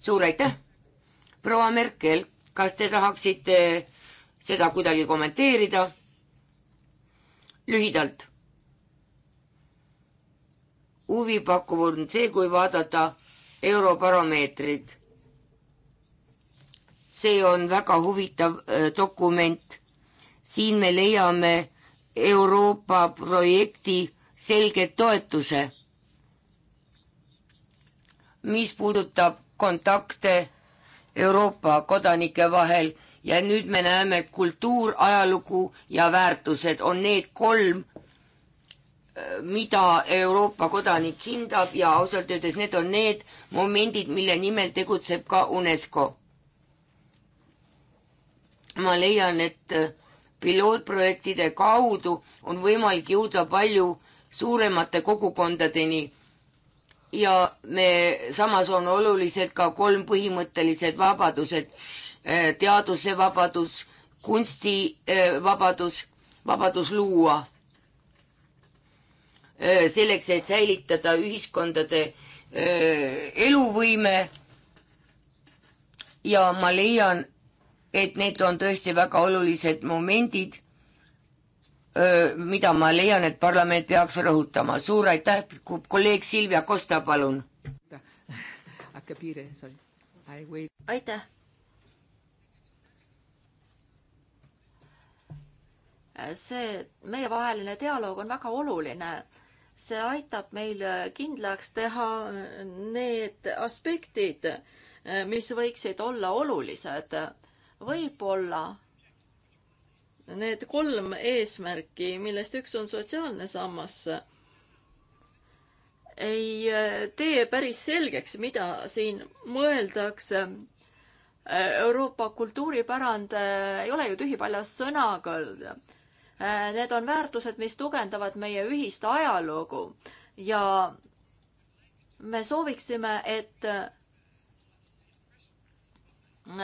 suur aitäh, proua Merkel, kas te tahaksite seda kuidagi kommenteerida. lühidalt. huvipakkuv on see, kui vaadata Eurobaromeetrit. see on väga huvitav äh, dokument. siin me leiame Euroopa projekti selge toetuse, mis puudutab kontakte Euroopa kodanike vahel ja nüüd me näeme, kultuur, ajalugu ja väärtused on need kolm, äh, mida Euroopa kodanik hindab ja ausalt öeldes need on need momendid, mille nimel tegutseb ka UNESCO. ma leian, et äh, pilootprojektide kaudu on võimalik jõuda palju suuremate kogukondadeni ja me, samas on olulised ka kolm põhimõttelised vabadused, Eh, teadusevabadus, kunstivabadus, eh, vabadus luua. Eh, selleks, et säilitada ühiskondade eluvõime. ja ma leian, et need on tõesti väga olulised momendid, mida ma leian, et parlament peaks rõhutama. suur aitäh, kolleeg Silvia Kosta, palun. aitäh see meievaheline dialoog on väga oluline. see aitab meil kindlaks teha need aspektid, mis võiksid olla olulised. võib-olla need kolm eesmärki, millest üks on sotsiaalne sammas, ei tee päris selgeks, mida siin mõeldakse Euroopa kultuuripärand ei ole ju tühipaljas sõnakõld. Äh, need on väärtused, mis tugevdavad meie ühist ajalugu ja me sooviksime, et äh,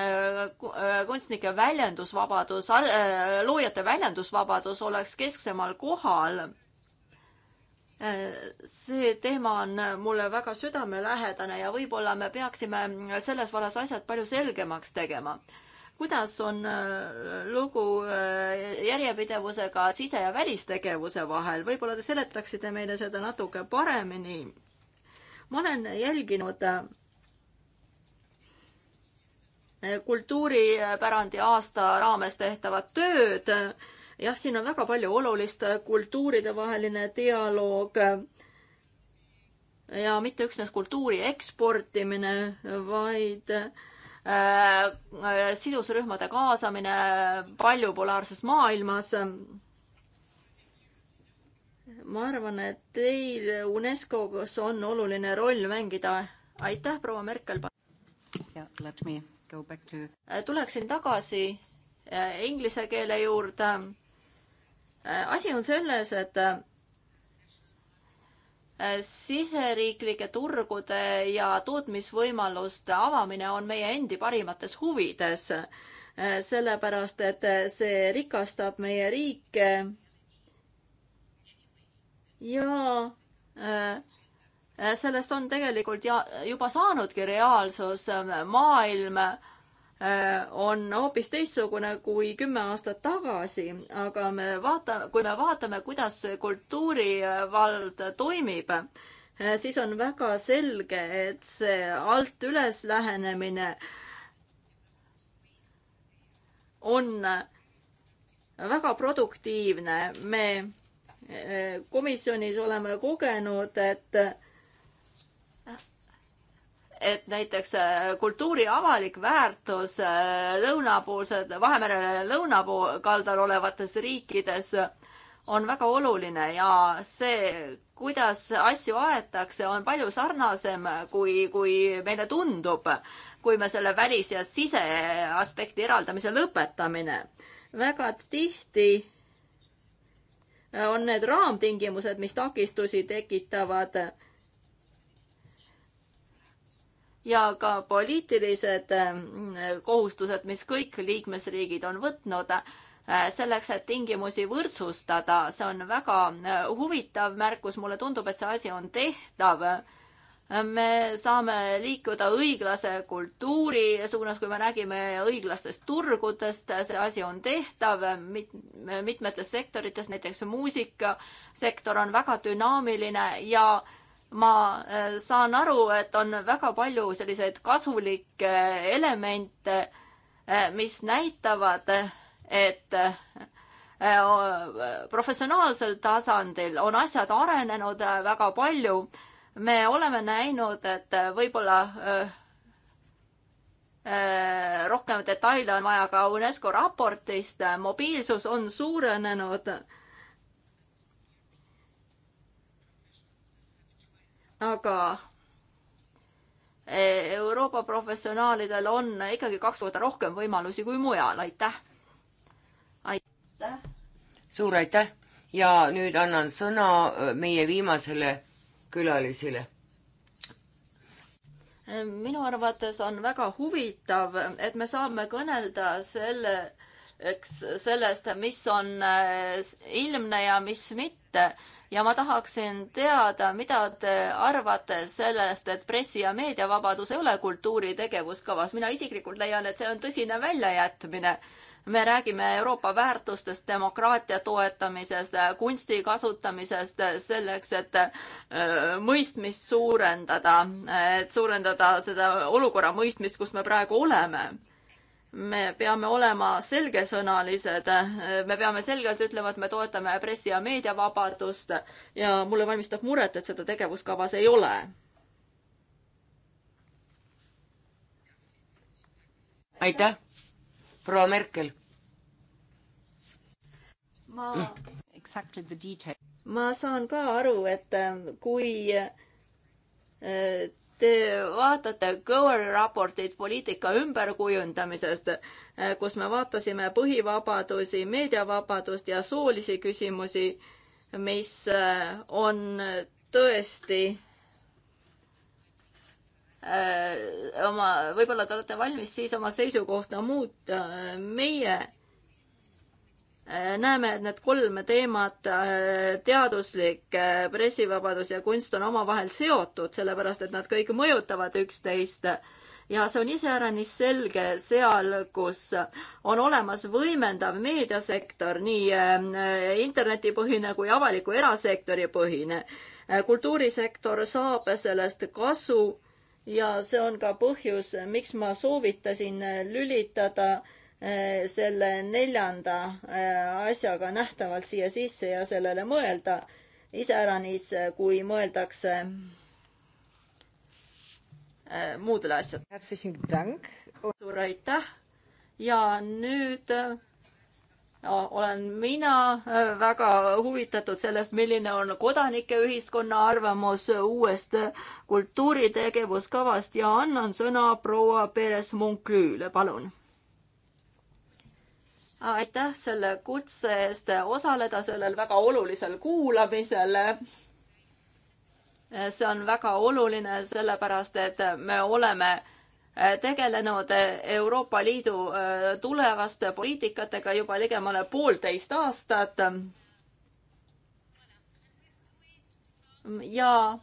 äh, kunstnike väljendusvabadus, loojate väljendusvabadus oleks kesksemal kohal. see teema on mulle väga südamelähedane ja võib-olla me peaksime selles vallas asjad palju selgemaks tegema kuidas on äh, lugu äh, järjepidevusega sise- ja välistegevuse vahel, võib-olla te seletaksite meile seda natuke paremini. ma olen jälginud äh, kultuuripärandi aasta raames tehtavat tööd. jah, siin on väga palju olulist kultuuridevaheline dialoog ja mitte üksnes kultuuri eksportimine, vaid äh, Äh, äh, sidusrühmade kaasamine paljupolaarses maailmas. ma arvan, et teil UNESCO-s on oluline roll mängida. aitäh, proua Merkel. To... Äh, tuleksin tagasi inglise keele juurde. asi on selles, et Äh, siseriiklike turgude ja tootmisvõimaluste avamine on meie endi parimates huvides, äh, sellepärast et see rikastab meie riike ja äh, sellest on tegelikult ja juba saanudki reaalsus, maailm Äh, on hoopis teistsugune kui kümme aastat tagasi, aga me vaatame, kui me vaatame, kuidas kultuurivald toimib, äh, siis on väga selge, et see alt üles lähenemine on väga produktiivne. me äh, komisjonis oleme kogenud, et et näiteks äh, kultuuri avalik väärtus äh, lõunapoolsed, Vahemere lõunakaldal olevates riikides on väga oluline ja see, kuidas asju aetakse, on palju sarnasem, kui, kui meile tundub, kui me selle välis- ja siseaspekti eraldamise lõpetamine. väga tihti on need raamtingimused, mis takistusi tekitavad ja ka poliitilised ähm, kohustused, mis kõik liikmesriigid on võtnud äh, selleks, et tingimusi võrdsustada. see on väga äh, huvitav märkus, mulle tundub, et see asi on tehtav. me saame liikuda õiglase kultuuri suunas, kui me räägime õiglastest turgudest, see asi on tehtav mit-, mitmetes sektorites, näiteks muusikasektor on väga dünaamiline ja äh, ma äh, saan aru, et on väga palju selliseid kasulikke elemente, äh, mis näitavad, et äh, professionaalsel tasandil on asjad arenenud väga palju. me oleme näinud, et võib-olla rohkem detaile on vaja ka UNESCO raportist, mobiilsus on suurenenud aga eh, Euroopa professionaalidel on ikkagi kaks korda rohkem võimalusi kui mujal, aitäh! aitäh! suur aitäh ja nüüd annan sõna eh, meie viimasele külalisele minu arvates on väga huvitav, et me saame kõnelda selle, eks sellest, mis on eh, ilmne ja mis mitte ja ma tahaksin teada, mida te arvate sellest, et pressi- ja meediavabadus ei ole kultuuri tegevuskavas. mina isiklikult leian, et see on tõsine väljajätmine. me räägime Euroopa väärtustest, demokraatia toetamisest, kunsti kasutamisest selleks, et äh, mõistmist suurendada, et suurendada seda olukorra mõistmist, kus me praegu oleme me peame olema selgesõnalised, me peame selgelt ütlema, et me toetame pressi- ja meediavabadust ja mulle valmistab muret, et seda tegevuskavas ei ole. aitäh, proua Merkel. ma ma saan ka aru, et kui Te eh, vaatate Goer raportit poliitika ümberkujundamisest, eh, kus me vaatasime põhivabadusi, meediavabadust ja soolisi küsimusi, mis eh, on tõesti oma, võib-olla te olete valmis siis oma seisukohta muuta. meie Äh, näeme, et need kolm teemat, äh, teaduslik, äh, pressivabadus ja kunst on omavahel seotud, sellepärast et nad kõik mõjutavad üksteist. ja see on iseäranis selge seal, kus on olemas võimendav meediasektor, nii internetipõhine kui avaliku erasektori põhine. kultuurisektor saab sellest kasu ja see on ka põhjus, miks ma soovitasin lülitada Eh, selle neljanda eh, asjaga nähtavalt siia sisse ja sellele mõelda, iseäranis, eh, kui mõeldakse muudele asjadele. suur aitäh ja nüüd olen mina väga huvitatud sellest, milline on kodanike ühiskonna arvamus uuest kultuuritegevuskavast ja annan sõna proua Peres Munklüüle, palun aitäh selle kutse eest osaleda sellel väga olulisel kuulamisel. see on väga oluline sellepärast, et me oleme tegelenud Euroopa Liidu äh, tulevaste poliitikatega juba ligemale poolteist aastat. ja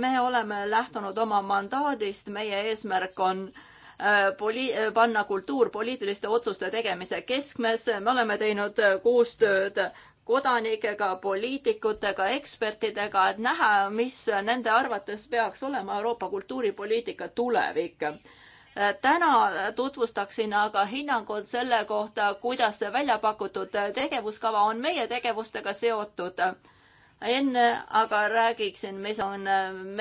me oleme lähtunud oma mandaadist, meie eesmärk on äh, Äh, poli-, äh, panna kultuur poliitiliste otsuste tegemise keskmesse, me oleme teinud äh, koostööd kodanikega, poliitikutega, ekspertidega, et näha, mis nende arvates peaks olema Euroopa kultuuripoliitika tulevik. täna tutvustaksin aga hinnangut selle kohta, kuidas see välja pakutud tegevuskava on meie tegevustega seotud enne aga räägiksin, mis on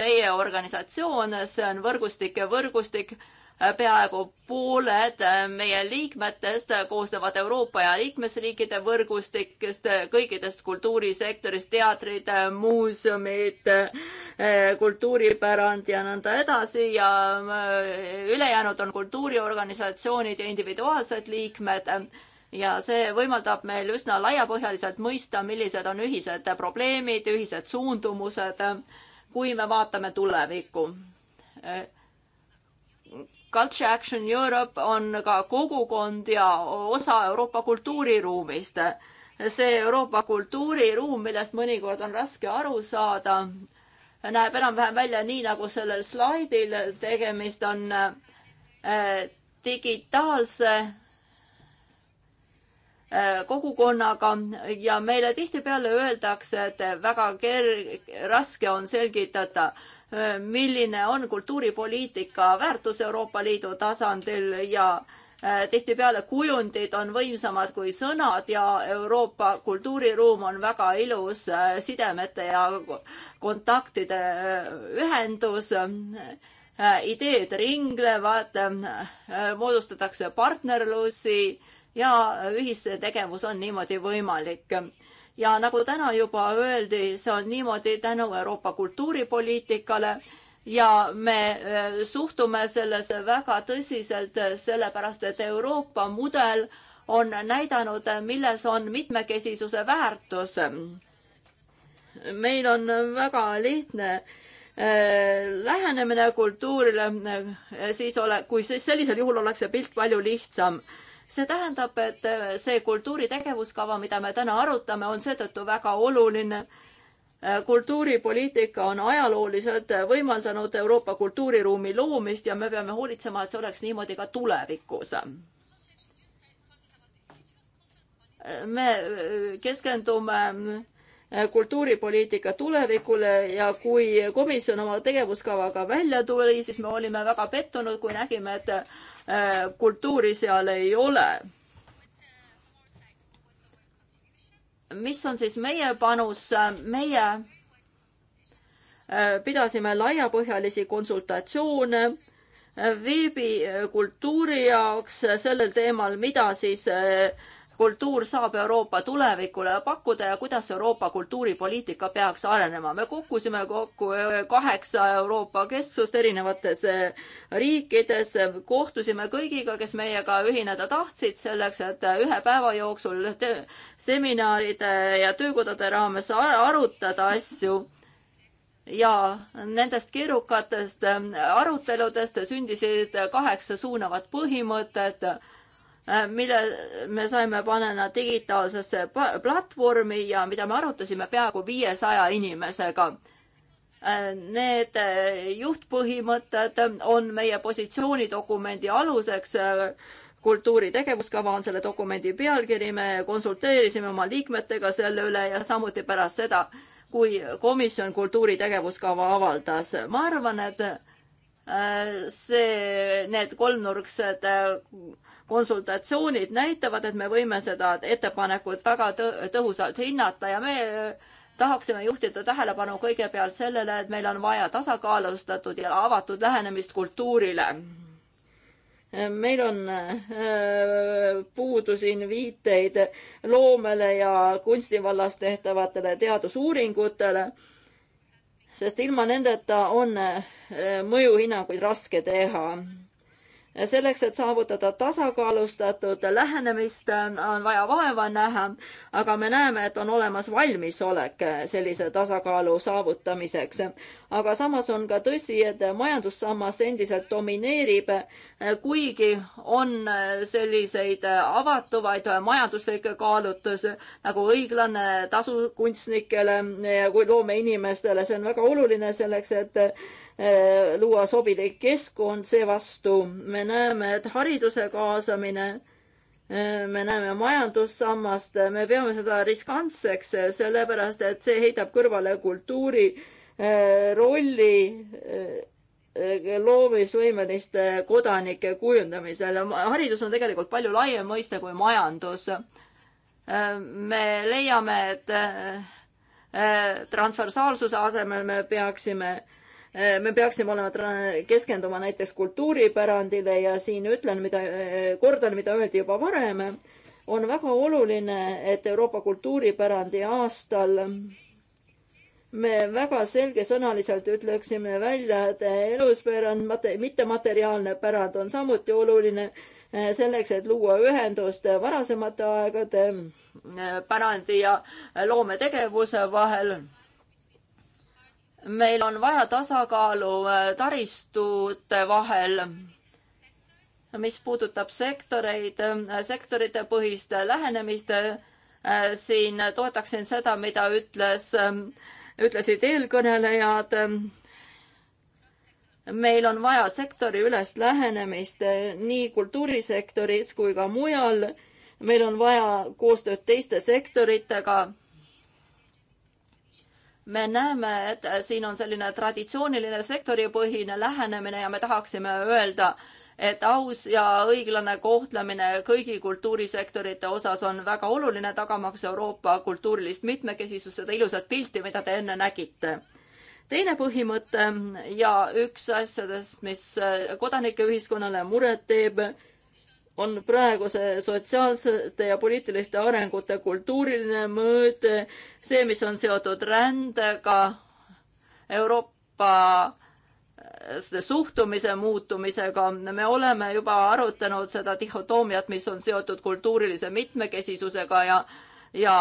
meie organisatsioon, see on võrgustike võrgustik, võrgustik peaaegu pooled äh, meie liikmetest koosnevad Euroopa ja liikmesriikide võrgustikest, kõikidest kultuurisektorist, teatrid, äh, muuseumid, äh, kultuuripärand ja nõnda edasi ja ülejäänud on kultuuriorganisatsioonid ja individuaalsed liikmed ja see võimaldab meil üsna laiapõhjaliselt mõista, millised on ühised probleemid, ühised suundumused, kui me vaatame tulevikku Culture Action Europe on ka kogukond ja osa Euroopa kultuuriruumist. see Euroopa kultuuriruum, millest mõnikord on raske aru saada, näeb enam-vähem välja nii, nagu sellel slaidil tegemist on eh, digitaalse eh, kogukonnaga ja meile tihtipeale öeldakse, et väga ker-, raske on selgitada milline on kultuuripoliitika väärtus Euroopa Liidu tasandil ja äh, tihtipeale kujundid on võimsamad kui sõnad ja Euroopa kultuuriruum on väga ilus äh, sidemete ja kontaktide äh, ühendus. ideed ringlevad, moodustatakse partnerlusi ja ühistegevus on niimoodi võimalik ja nagu täna juba öeldi, see on niimoodi tänu Euroopa kultuuripoliitikale ja me äh, suhtume sellesse väga tõsiselt, äh, sellepärast et Euroopa mudel on näidanud, äh, milles on mitmekesisuse väärtus. meil on väga lihtne lähenemine kultuurile, siis ole, kui siis sellisel juhul oleks see pilt palju lihtsam see tähendab, et äh, see kultuuri tegevuskava, mida me täna arutame, on seetõttu väga oluline. Äh, kultuuripoliitika on ajalooliselt võimaldanud Euroopa kultuuriruumi loomist ja me peame hoolitsema, et see oleks niimoodi ka tulevikus me äh, keskendume kultuuripoliitika tulevikule ja kui komisjon oma tegevuskavaga välja tuli, siis me olime väga pettunud, kui nägime, et Äh, kultuuri seal ei ole mis on siis meie panus, meie äh, pidasime laiapõhjalisi konsultatsioone äh, veebikultuuri jaoks sellel teemal, mida siis kultuur saab Euroopa tulevikule pakkuda ja kuidas Euroopa kultuuripoliitika peaks arenema. me kukkusime kokku eh, kaheksa Euroopa kesksust erinevates eh, riikides, kohtusime kõigiga, kes meiega ühineda tahtsid, selleks et ühe päeva jooksul seminaride ja töökodade raames arutada asju ja nendest keerukatest eh, aruteludest sündisid kaheksa suunavat põhimõtet Äh, mille me saime panna digitaalsesse platvormi ja mida me arutasime peaaegu viiesaja inimesega. Äh, need äh, juhtpõhimõtted on meie positsioonidokumendi aluseks kultuuri tegevuskava on selle dokumendi pealkiri, me konsulteerisime oma liikmetega selle üle ja samuti pärast seda, kui komisjon kultuuri tegevuskava avaldas. ma arvan, et see, need kolmnurksed konsultatsioonid näitavad, et me võime seda ettepanekut väga tõhusalt hinnata ja me eh, tahaksime juhtida tähelepanu kõigepealt sellele, et meil on vaja tasakaalustatud ja avatud lähenemist kultuurile. meil on eh, puudu siin viiteid loomele ja kunstivallas tehtavatele teadusuuringutele, sest ilma nendeta on eh, mõjuhinnanguid raske teha selleks, et saavutada tasakaalustatud lähenemist, on vaja vaeva näha, aga me näeme, et on olemas valmisolek sellise tasakaalu saavutamiseks. aga samas on ka tõsi, et majandussammas endiselt domineerib, kuigi on selliseid avatuvaid majanduslikke kaalutlusi nagu õiglane tasu kunstnikele ja kui loomeinimestele, see on väga oluline selleks, et Äh, luua sobilik keskkond, seevastu me näeme, et hariduse kaasamine, äh, me näeme majandussammast, me peame seda riskantseks, sellepärast et see heidab kõrvale kultuuri äh, rolli loomisvõimeliste kodanike kujundamisel. haridus on tegelikult palju laiem mõiste kui majandus. me leiame, et transversaalsuse asemel me peaksime Eh, me peaksime olema, keskenduma näiteks kultuuripärandile ja siin ütlen, mida, eh, kordan, mida öeldi juba varem, on väga oluline, et Euroopa kultuuripärandi aastal me väga selgesõnaliselt ütleksime välja, et eluspärand, mittemateriaalne pärand on samuti oluline eh, selleks, et luua ühendust varasemate aegade pärandi ja loometegevuse vahel meil on vaja tasakaalu äh, taristute vahel, mis puudutab sektoreid, äh, sektorite põhist lähenemist. Äh, siin toetaksin seda, mida ütles, ähm, ütlesid eelkõnelejad meil on vaja sektoriülest lähenemist nii kultuurisektoris kui ka mujal. meil on vaja koostööd teiste sektoritega me näeme, et siin on selline traditsiooniline sektoripõhine lähenemine ja me tahaksime öelda, et aus ja õiglane kohtlemine kõigi kultuurisektorite osas on väga oluline, tagamaks Euroopa kultuurilist mitmekesisust, seda ilusat pilti, mida te enne nägite. teine põhimõte ja üks asjadest, mis kodanikeühiskonnale muret teeb on praeguse sotsiaalsete ja poliitiliste arengute kultuuriline mõõde, see, mis on seotud rändega, Euroopa äh, suhtumise muutumisega, me oleme juba arutanud seda dihhotoomiat, mis on seotud kultuurilise mitmekesisusega ja ja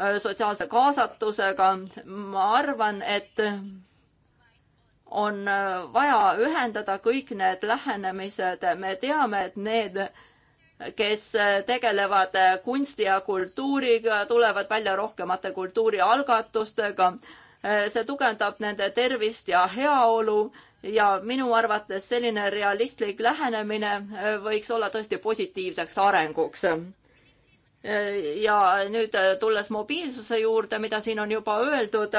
äh, sotsiaalse kaasatusega. ma arvan, et on äh, vaja ühendada kõik need lähenemised, me teame, et need, kes äh, tegelevad äh, kunsti ja kultuuriga, tulevad välja rohkemate kultuurialgatustega. see tugevdab nende tervist ja heaolu ja minu arvates selline realistlik lähenemine võiks olla tõesti positiivseks arenguks ja nüüd tulles mobiilsuse juurde, mida siin on juba öeldud,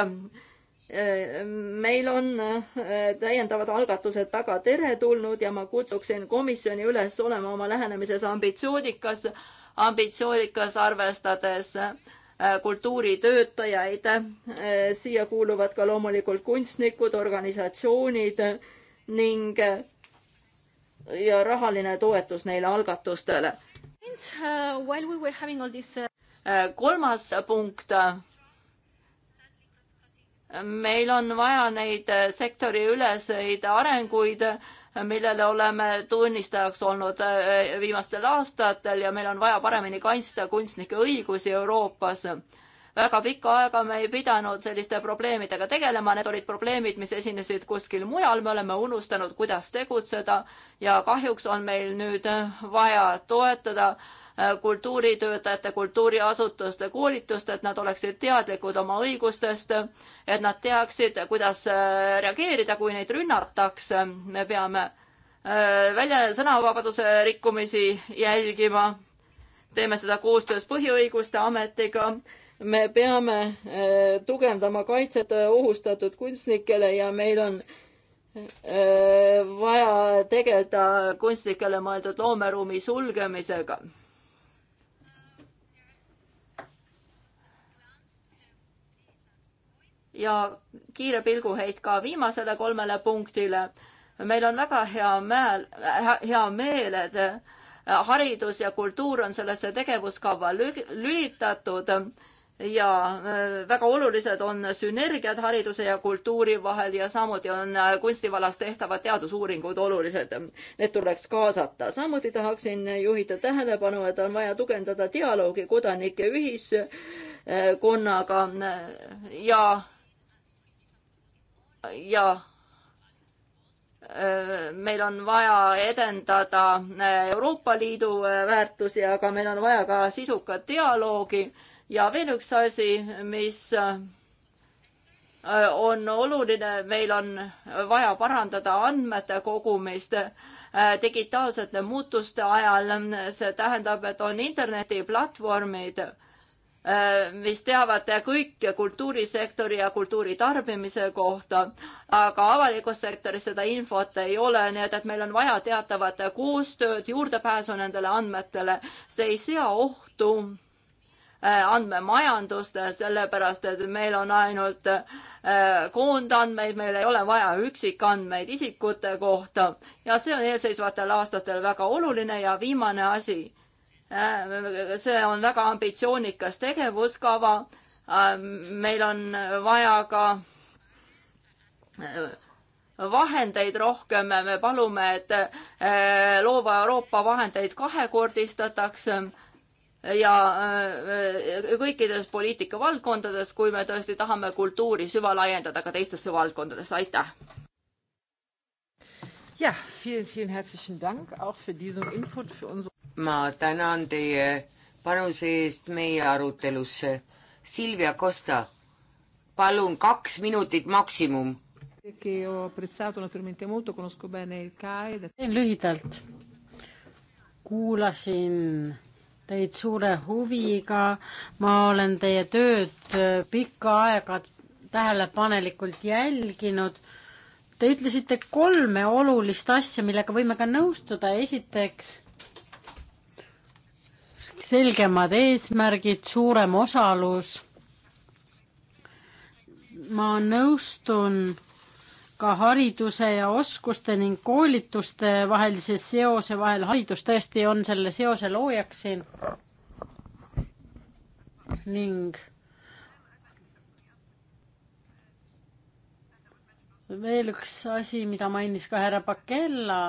meil on äh, täiendavad algatused väga teretulnud ja ma kutsuksin komisjoni üles olema oma lähenemises ambitsioonikas, ambitsioonikas arvestades äh, kultuuritöötajaid. Äh, siia kuuluvad ka loomulikult kunstnikud, organisatsioonid ning ja rahaline toetus neile algatustele. Uh, uh, kolmas punkt meil on vaja neid äh, sektoriüleseid arenguid, äh, millele oleme tunnistajaks olnud äh, viimastel aastatel ja meil on vaja paremini kaitsta kunstnike õigusi Euroopas. väga pikka aega me ei pidanud selliste probleemidega tegelema, need olid probleemid, mis esinesid kuskil mujal, me oleme unustanud, kuidas tegutseda ja kahjuks on meil nüüd vaja toetada äh, Äh, kultuuritöötajate, kultuuriasutuste koolitust, et nad oleksid teadlikud oma õigustest, et nad teaksid, kuidas äh, reageerida, kui neid rünnatakse. me peame äh, välja sõnavabaduse rikkumisi jälgima. teeme seda koostöös Põhiõiguste Ametiga me peame tugevdama kaitset ohustatud kunstnikele ja meil on vaja tegeleda kunstnikele mõeldud loomeruumi sulgemisega. ja kiire pilguheit ka viimasele kolmele punktile. meil on väga hea meel, hea meel, et äh, haridus ja kultuur on sellesse tegevuskava lülitatud ja äh, väga olulised on sünergiad hariduse ja kultuuri vahel ja samuti on äh, kunstivalas tehtavad teadusuuringud olulised. Need tuleks kaasata. samuti tahaksin juhida tähelepanu, et on vaja tugevdada dialoogi kodanike ühiskonnaga ja ja äh, meil on vaja edendada äh, Euroopa Liidu äh, väärtusi, aga meil on vaja ka sisukat dialoogi ja veel üks asi, mis on oluline, meil on vaja parandada andmete kogumist digitaalsete muutuste ajal. see tähendab, et on internetiplatvormid Äh, mis teavad kõike kultuurisektori ja kultuuri tarbimise kohta, aga avalikus sektoris seda infot ei ole, nii et, et meil on vaja teatavat koostööd, juurdepääsu nendele andmetele, see ei sea ohtu äh, andmemajandust, sellepärast et meil on ainult äh, koondandmeid, meil ei ole vaja üksikandmeid isikute kohta ja see on eelseisvatel aastatel väga oluline ja viimane asi see on väga ambitsioonikas tegevuskava. meil on vaja ka vahendeid rohkem, me palume, et eh, loova Euroopa vahendeid kahekordistatakse ja eh, kõikides poliitikavaldkondades, kui me tõesti tahame kultuuri süvalaiendada ka teistesse valdkondadesse, aitäh! jah, vielen, vielen herzlichen Dank auch für diesen Input für unsere ma tänan teie panuse eest meie arutelusse. Silvia Costa, palun kaks minutit maksimum. E teen lühidalt. kuulasin teid suure huviga, ma olen teie tööd äh, pikka aega tähelepanelikult jälginud Te ütlesite kolme olulist asja, millega võime ka nõustuda. esiteks selgemad eesmärgid, suurem osalus. ma nõustun ka hariduse ja oskuste ning koolituste vahelise seose vahel, haridus tõesti on selle seose loojaks siin. ning veel üks asi, mida mainis ka härra Pakella,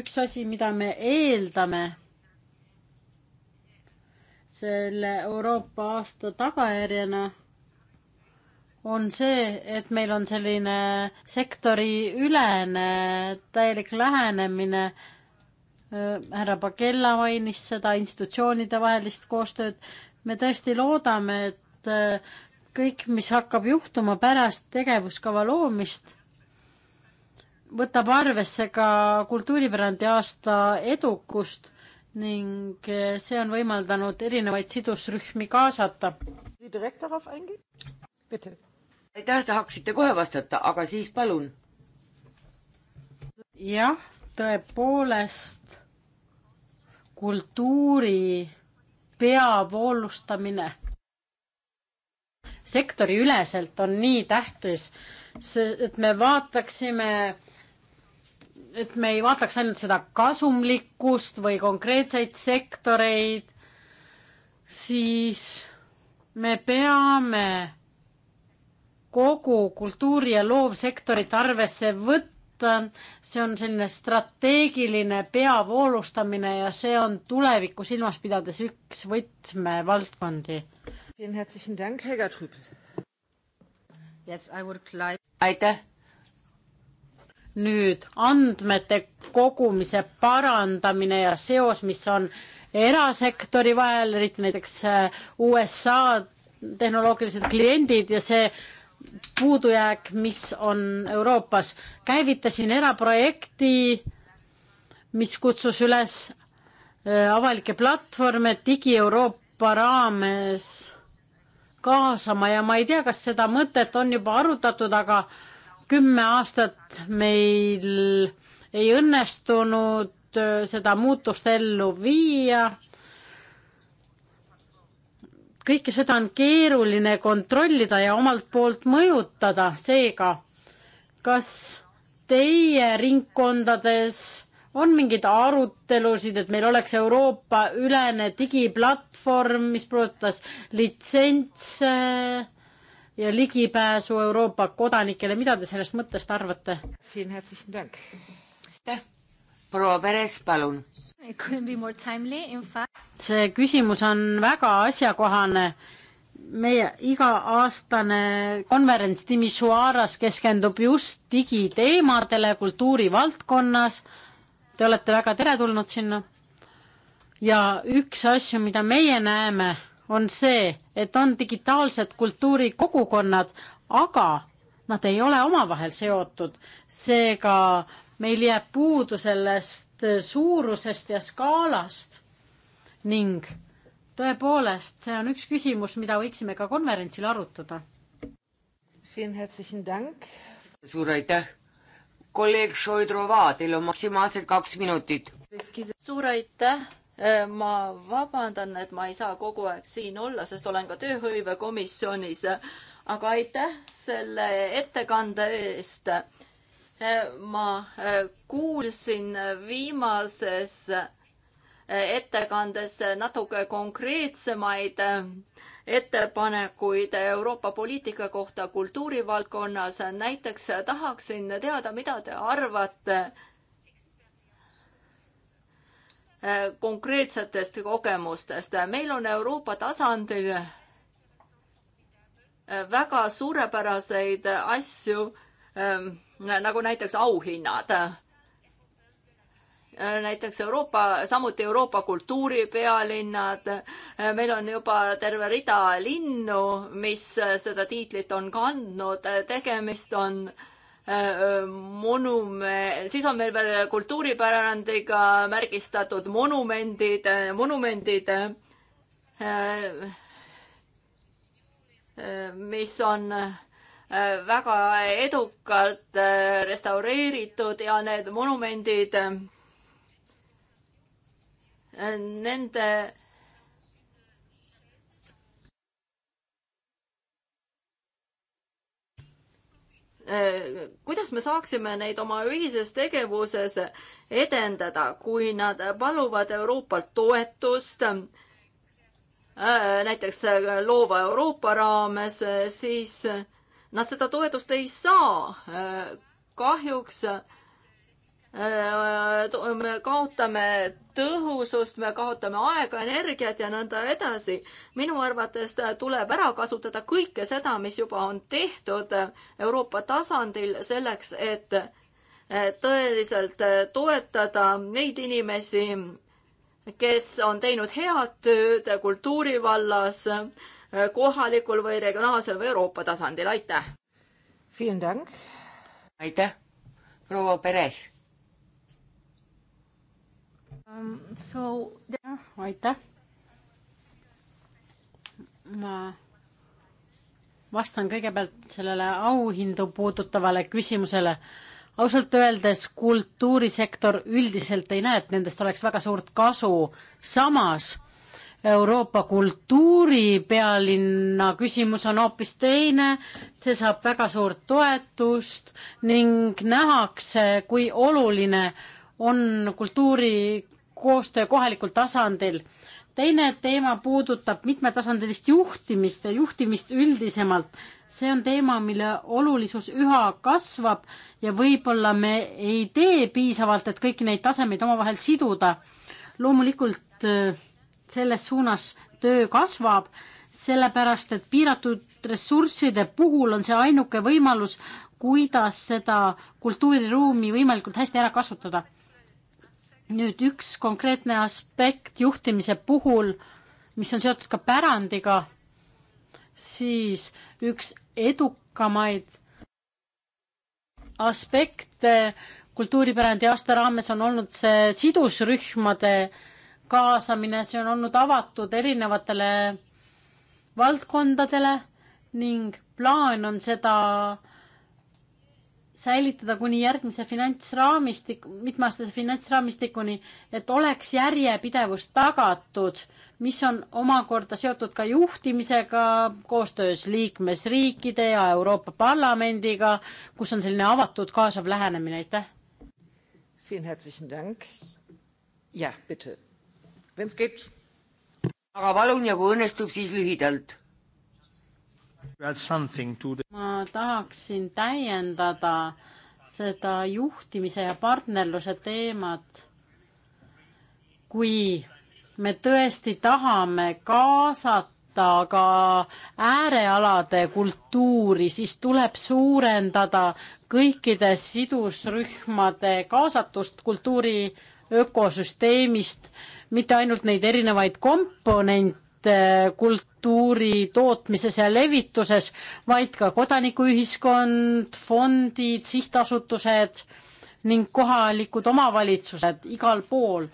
üks asi, mida me eeldame selle Euroopa aasta tagajärjena on see, et meil on selline sektoriülene täielik lähenemine. härra Pagella mainis seda institutsioonide vahelist koostööd. me tõesti loodame, et äh, kõik, mis hakkab juhtuma pärast tegevuskava loomist, võtab arvesse ka kultuuripärandi aasta edukust ning eh, see on võimaldanud erinevaid sidusrühmi kaasata. aitäh, tahaksite kohe vastata, aga siis palun. jah, tõepoolest kultuuri peavoolustamine sektoriüleselt on nii tähtis, et me vaataksime et me ei vaataks ainult seda kasumlikkust või konkreetseid sektoreid, siis me peame kogu kultuuri ja loovsektorit arvesse võtta. see on selline strateegiline peavoolustamine ja see on tulevikku silmas pidades üks võtmevaldkondi. aitäh nüüd andmete kogumise parandamine ja seos, mis on erasektori vahel, eriti näiteks äh, USA tehnoloogilised kliendid ja see puudujääk, mis on Euroopas. käivitasin eraprojekti, mis kutsus üles äh, avalikke platvorme Digi-Euroopa raames kaasama ja ma ei tea, kas seda mõtet on juba arutatud, aga kümme aastat meil ei õnnestunud äh, seda muutust ellu viia. kõike seda on keeruline kontrollida ja omalt poolt mõjutada, seega kas teie ringkondades on mingeid arutelusid, et meil oleks Euroopa ülene digiplatvorm, mis puudutas litsentse ja ligipääsu Euroopa kodanikele, mida te sellest mõttest arvate? aitäh! proua Peres, palun! see küsimus on väga asjakohane. meie iga-aastane konverents Timisoaras keskendub just digiteemadele kultuurivaldkonnas. Te olete väga teretulnud sinna. ja üks asju, mida meie näeme on see, et on digitaalsed kultuurikogukonnad, aga nad ei ole omavahel seotud. seega meil jääb puudu sellest suurusest ja skaalast ning tõepoolest, see on üks küsimus, mida võiksime ka konverentsil arutada. suur aitäh. kolleeg Šoidrova, teil on maksimaalselt kaks minutit. suur aitäh Äh, ma vabandan, et ma ei saa kogu aeg siin olla, sest olen ka tööhõivekomisjonis, aga aitäh selle ettekande eest. Äh, ma äh, kuulsin viimases ettekandes natuke konkreetsemaid ettepanekuid Euroopa poliitika kohta kultuurivaldkonnas. näiteks tahaksin teada, mida te arvate Äh, konkreetsetest kogemustest. meil on Euroopa tasandil äh, väga suurepäraseid asju, ähm, nagu näiteks auhinnad. Äh, näiteks Euroopa, samuti Euroopa kultuuripealinnad. meil on juba terve rida linnu, mis seda tiitlit on kandnud. tegemist on äh, monume-, siis on meil veel kultuuripärandiga märgistatud monumendid, monumendid, mis on väga edukalt restaureeritud ja need monumendid, nende kuidas me saaksime neid oma ühises tegevuses edendada, kui nad paluvad Euroopalt toetust, äh, näiteks loova Euroopa raames, siis nad seda toetust ei saa. kahjuks äh, Äh, me kaotame tõhusust, me kaotame aega, energiat ja nõnda edasi. minu arvates tuleb ära kasutada kõike seda, mis juba on tehtud Euroopa tasandil selleks, et äh, tõeliselt äh, toetada neid inimesi, kes on teinud head tööd kultuuri vallas kohalikul või regionaalsel või Euroopa tasandil, aitäh! aitäh, proua Peres! Um, so... aitäh. ma vastan kõigepealt sellele auhindu puudutavale küsimusele. ausalt öeldes kultuurisektor üldiselt ei näe, et nendest oleks väga suurt kasu. samas Euroopa kultuuripealinna küsimus on hoopis teine, see saab väga suurt toetust ning nähakse, kui oluline on kultuuri koostöö kohalikul tasandil. teine teema puudutab mitmetasandilist juhtimist ja juhtimist üldisemalt. see on teema, mille olulisus üha kasvab ja võib-olla me ei tee piisavalt, et kõiki neid tasemeid omavahel siduda. loomulikult äh, selles suunas töö kasvab, sellepärast et piiratud ressursside puhul on see ainuke võimalus, kuidas seda kultuuriruumi võimalikult hästi ära kasutada nüüd üks konkreetne aspekt juhtimise puhul, mis on seotud ka pärandiga, siis üks edukamaid aspekte kultuuripärandi aasta raames on olnud see sidusrühmade kaasamine, see on olnud avatud erinevatele valdkondadele ning plaan on seda säilitada kuni järgmise finantsraamistik, mitmeaastase finantsraamistikuni, et oleks järjepidevus tagatud, mis on omakorda seotud ka juhtimisega koostöös liikmesriikide ja Euroopa Parlamendiga, kus on selline avatud kaasav lähenemine, aitäh. väga palun ja kui õnnestub, siis lühidalt ma tahaksin täiendada seda juhtimise ja partnerluse teemat. kui me tõesti tahame kaasata ka äärealade kultuuri, siis tuleb suurendada kõikide sidusrühmade kaasatust kultuuri ökosüsteemist, mitte ainult neid erinevaid komponente, mitte eh, kultuuri tootmises ja levituses, vaid ka kodanikuühiskond, fondid, sihtasutused ning kohalikud omavalitsused igal pool.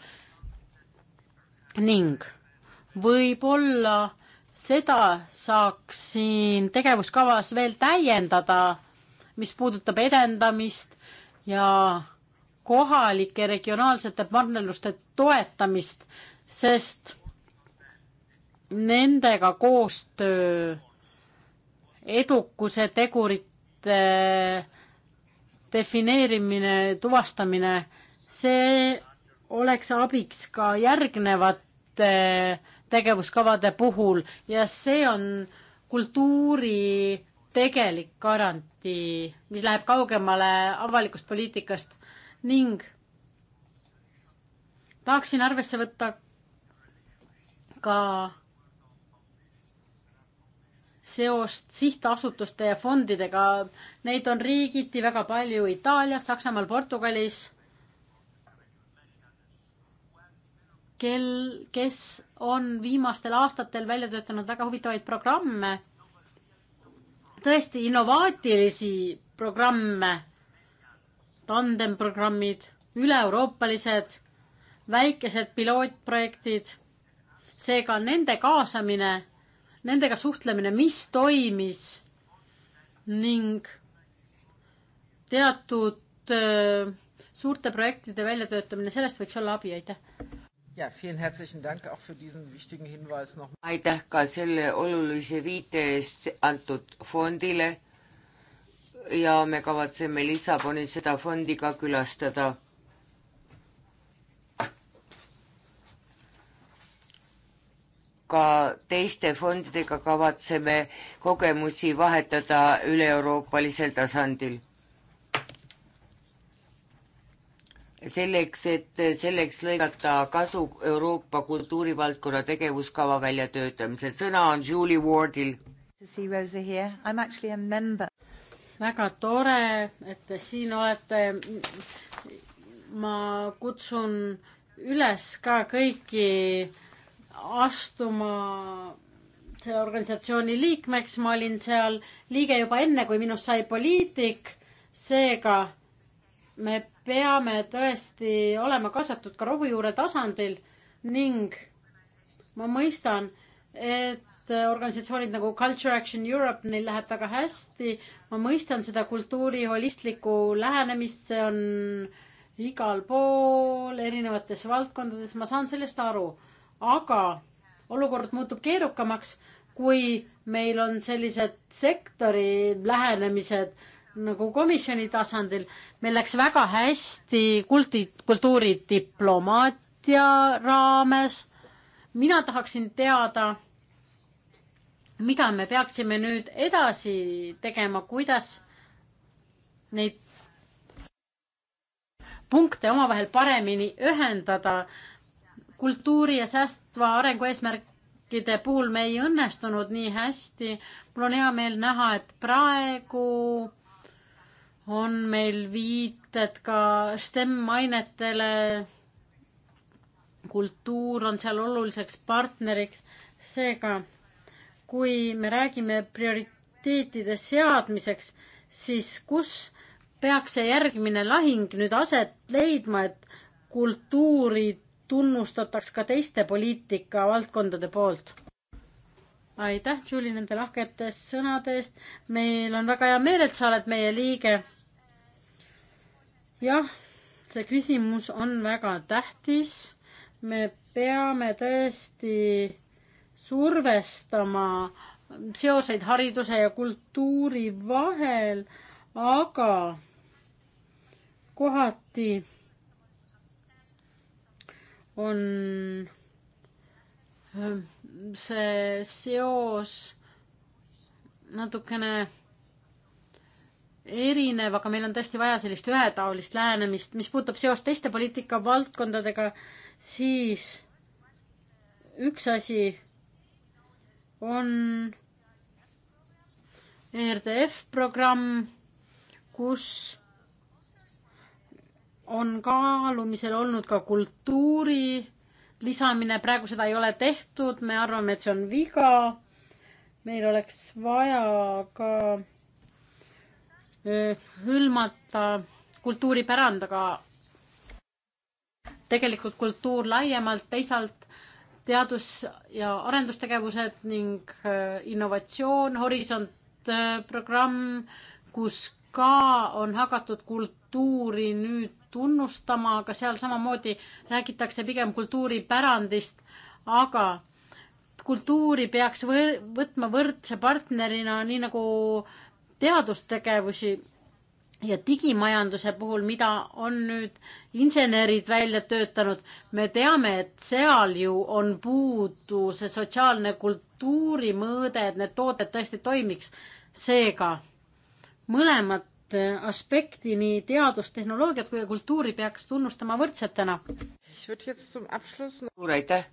ning võib-olla seda saaks siin tegevuskavas veel täiendada, mis puudutab edendamist ja kohalike regionaalsete partnerluste toetamist, sest nendega koostöö edukuse tegurite defineerimine, tuvastamine, see oleks abiks ka järgnevate tegevuskavade puhul ja see on kultuuri tegelik garantii, mis läheb kaugemale avalikust poliitikast ning tahaksin arvesse võtta ka seost sihtasutuste ja fondidega. Neid on riigiti väga palju Itaalias, Saksamaal, Portugalis. kel, kes on viimastel aastatel välja töötanud väga huvitavaid programme, tõesti innovaatilisi programme, tandemprogrammid, üle-euroopalised, väikesed pilootprojektid. seega nende kaasamine nendega suhtlemine, mis toimis ning teatud öö, suurte projektide väljatöötamine, sellest võiks olla abi, aitäh. Ja, vielen herzlichen Dank auch für diesen wichtigen Hinweis noch. aitäh ka selle olulise viite eest antud fondile. ja me kavatseme Lissabonis seda fondi ka külastada ka teiste fondidega kavatseme kogemusi vahetada üle-euroopalisel tasandil. selleks, et selleks lõigata kasu Euroopa kultuurivaldkonna tegevuskava väljatöötamisel. sõna on Julie Wardil. väga tore, et te siin olete. ma kutsun üles ka kõiki astuma selle organisatsiooni liikmeks, ma olin seal liige juba enne, kui minust sai poliitik. seega me peame tõesti olema kaasatud ka rohujuure tasandil ning ma mõistan, et organisatsioonid nagu Culture Action Europe, neil läheb väga hästi. ma mõistan seda kultuuri holistlikku lähenemist, see on igal pool, erinevates valdkondades, ma saan sellest aru aga olukord muutub keerukamaks, kui meil on sellised sektori lähenemised nagu komisjoni tasandil. meil läks väga hästi kulti, kultuuridiplomaatia raames. mina tahaksin teada, mida me peaksime nüüd edasi tegema, kuidas neid punkte omavahel paremini ühendada kultuuri ja säästva arengu eesmärkide puhul me ei õnnestunud nii hästi. mul on hea meel näha, et praegu on meil viited ka STEM ainetele. kultuur on seal oluliseks partneriks, seega kui me räägime prioriteetide seadmiseks, siis kus peaks see järgmine lahing nüüd aset leidma, et kultuurid tunnustataks ka teiste poliitikavaldkondade poolt. aitäh, Julie, nende lahkete sõnade eest. meil on väga hea meel, et sa oled meie liige. jah, see küsimus on väga tähtis. me peame tõesti survestama seoseid hariduse ja kultuuri vahel, aga kohati on ähm, see seos natukene erinev, aga meil on tõesti vaja sellist ühetaolist lähenemist, mis puudutab seost teiste poliitikavaldkondadega, siis üks asi on ERDF programm, kus on kaalumisel olnud ka kultuuri lisamine, praegu seda ei ole tehtud, me arvame, et see on viga. meil oleks vaja ka hõlmata kultuuripärand, aga tegelikult kultuur laiemalt, teisalt teadus- ja arendustegevused ning innovatsioon, Horisont programm, kus ka on hakatud kultuuri nüüd tunnustama, aga seal samamoodi räägitakse pigem kultuuripärandist, aga kultuuri peaks võr võtma võrdse partnerina, nii nagu teadustegevusi ja digimajanduse puhul, mida on nüüd insenerid välja töötanud, me teame, et seal ju on puudu see sotsiaalne kultuurimõõde, et need tooted tõesti toimiks. seega mõlemad Äh, aspekti nii teadust, tehnoloogiat kui ka kultuuri peaks tunnustama võrdsetena. suur aitäh.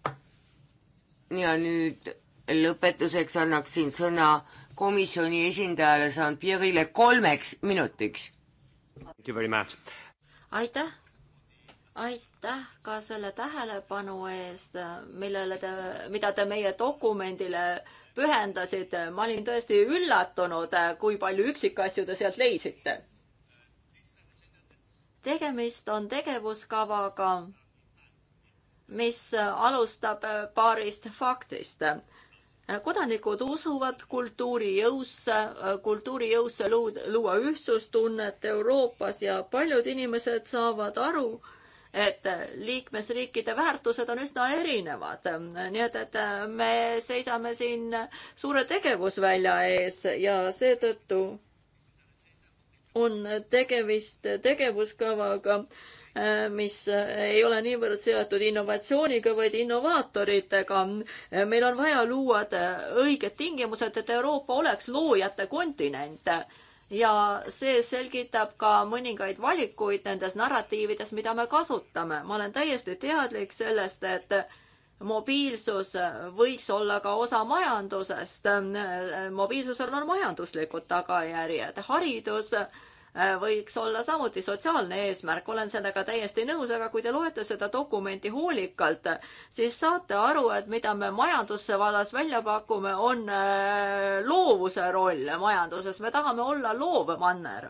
ja nüüd lõpetuseks annaksin sõna komisjoni esindajale Jean-Pierre'ile kolmeks minutiks. aitäh, aitäh ka selle tähelepanu eest, millele te, mida te meie dokumendile pühendasid. ma olin tõesti üllatunud, kui palju üksikasju te sealt leidsite. tegemist on tegevuskavaga, mis alustab paarist faktist kodanikud usuvad kultuuri jõusse, kultuuri jõusse luua ühtsustunnet Euroopas ja paljud inimesed saavad aru, et liikmesriikide väärtused on üsna erinevad. nii et, et me seisame siin suure tegevusvälja ees ja seetõttu on tegemist tegevuskavaga, mis ei ole niivõrd seotud innovatsiooniga, vaid innovaatoritega. meil on vaja luua õiged tingimused, et Euroopa oleks loojate kontinent ja see selgitab ka mõningaid valikuid nendes narratiivides, mida me kasutame. ma olen täiesti teadlik sellest, et mobiilsus võiks olla ka osa majandusest. mobiilsusel on majanduslikud tagajärjed. haridus äh, Äh, võiks olla samuti sotsiaalne eesmärk, olen sellega täiesti nõus, aga kui te loete seda dokumenti hoolikalt, siis saate aru, et mida me majanduse vallas välja pakume, on äh, loovuse roll majanduses, me tahame olla loov manner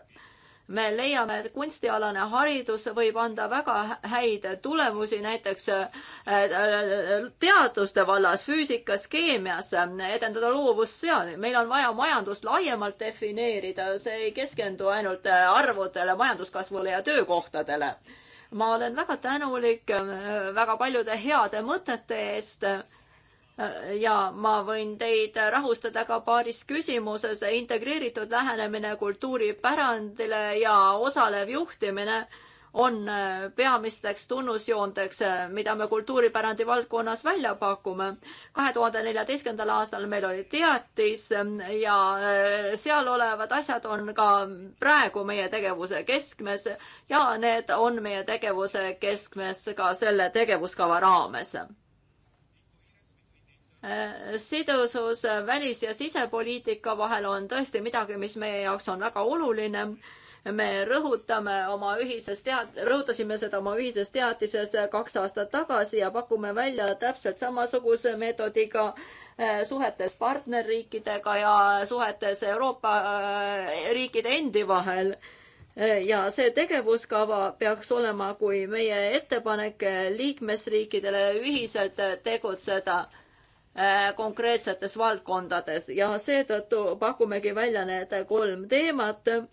me leiame, et kunstialane haridus võib anda väga häid tulemusi näiteks äh, teaduste vallas, füüsikas, keemias, edendada loovust seal. meil on vaja majandust laiemalt defineerida, see ei keskendu ainult äh, arvudele, majanduskasvule ja töökohtadele. ma olen väga tänulik äh, väga paljude heade mõtete eest ja ma võin teid rahustada ka paaris küsimuses, integreeritud lähenemine kultuuripärandile ja osalev juhtimine on peamisteks tunnusjoonteks, mida me kultuuripärandi valdkonnas välja pakume. kahe tuhande neljateistkümnendal aastal meil oli teatis ja äh, seal olevad asjad on ka praegu meie tegevuse keskmes ja need on meie tegevuse keskmes ka selle tegevuskava raames sidusus välis- ja sisepoliitika vahel on tõesti midagi, mis meie jaoks on väga oluline. me rõhutame oma ühises tead-, rõhutasime seda oma ühises teatises kaks aastat tagasi ja pakume välja täpselt samasuguse meetodiga äh, suhetes partnerriikidega ja suhetes Euroopa äh, riikide endi vahel äh, ja see tegevuskava peaks olema kui meie ettepanek liikmesriikidele ühiselt tegutseda Äh, konkreetsetes valdkondades ja seetõttu pakumegi välja need kolm teemat äh,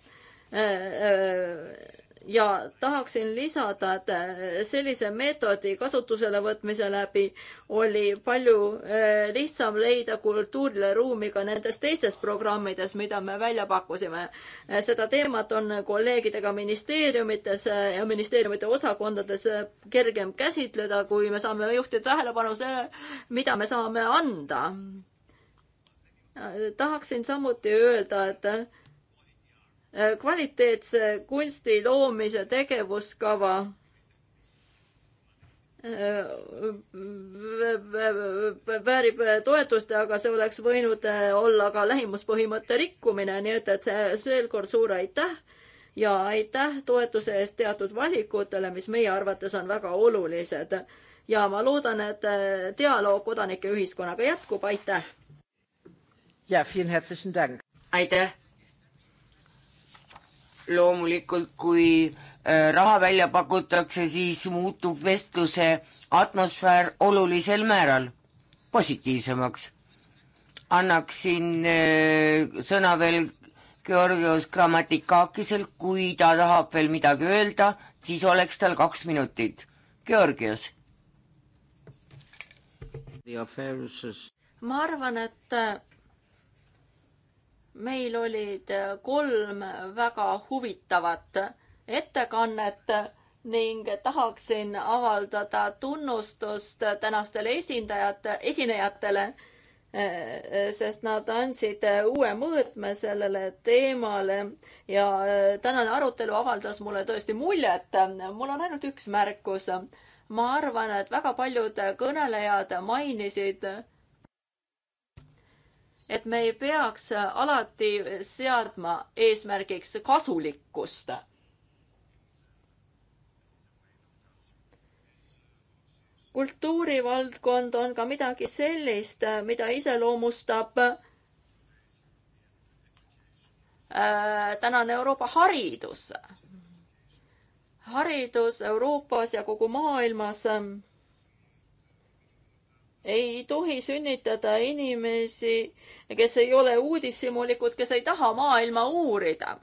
äh, ja tahaksin lisada, et äh, sellise meetodi kasutusele võtmise läbi oli palju äh, lihtsam leida kultuurile ruumi ka nendes teistes programmides, mida me välja pakkusime. Äh, seda teemat on kolleegidega ministeeriumites ja ministeeriumite osakondades kergem käsitleda, kui me saame juhtida tähelepanu sellele, mida me saame anda. tahaksin samuti öelda, et kvaliteetse kunsti loomise tegevuskava äh, väärib toetust, aga see oleks võinud äh, olla ka lähimuspõhimõtte rikkumine, nii et, et veel kord suur aitäh ja aitäh toetuse eest teatud valikutele, mis meie arvates on väga olulised. ja ma loodan, et äh, dialoog kodanike ühiskonnaga jätkub, aitäh! aitäh! loomulikult, kui äh, raha välja pakutakse, siis muutub vestluse atmosfäär olulisel määral positiivsemaks. annaksin äh, sõna veel Georgios Grammatikakiselt, kui ta tahab veel midagi öelda, siis oleks tal kaks minutit. Georgios. ma arvan, et äh, meil olid äh, kolm väga huvitavat ettekannet ning tahaksin avaldada tunnustust tänastele esindajate, esinejatele, äh, äh, sest nad andsid uue mõõtme sellele teemale ja tänane arutelu avaldas mulle tõesti muljet. mul on ainult üks märkus. ma arvan, et väga paljud kõnelejad mainisid et me ei peaks alati seadma eesmärgiks kasulikkust. kultuurivaldkond on ka midagi sellist, mida iseloomustab äh, tänane Euroopa haridus. haridus Euroopas ja kogu maailmas ei tohi sünnitada inimesi, kes ei ole uudishimulikud, kes ei taha maailma uurida.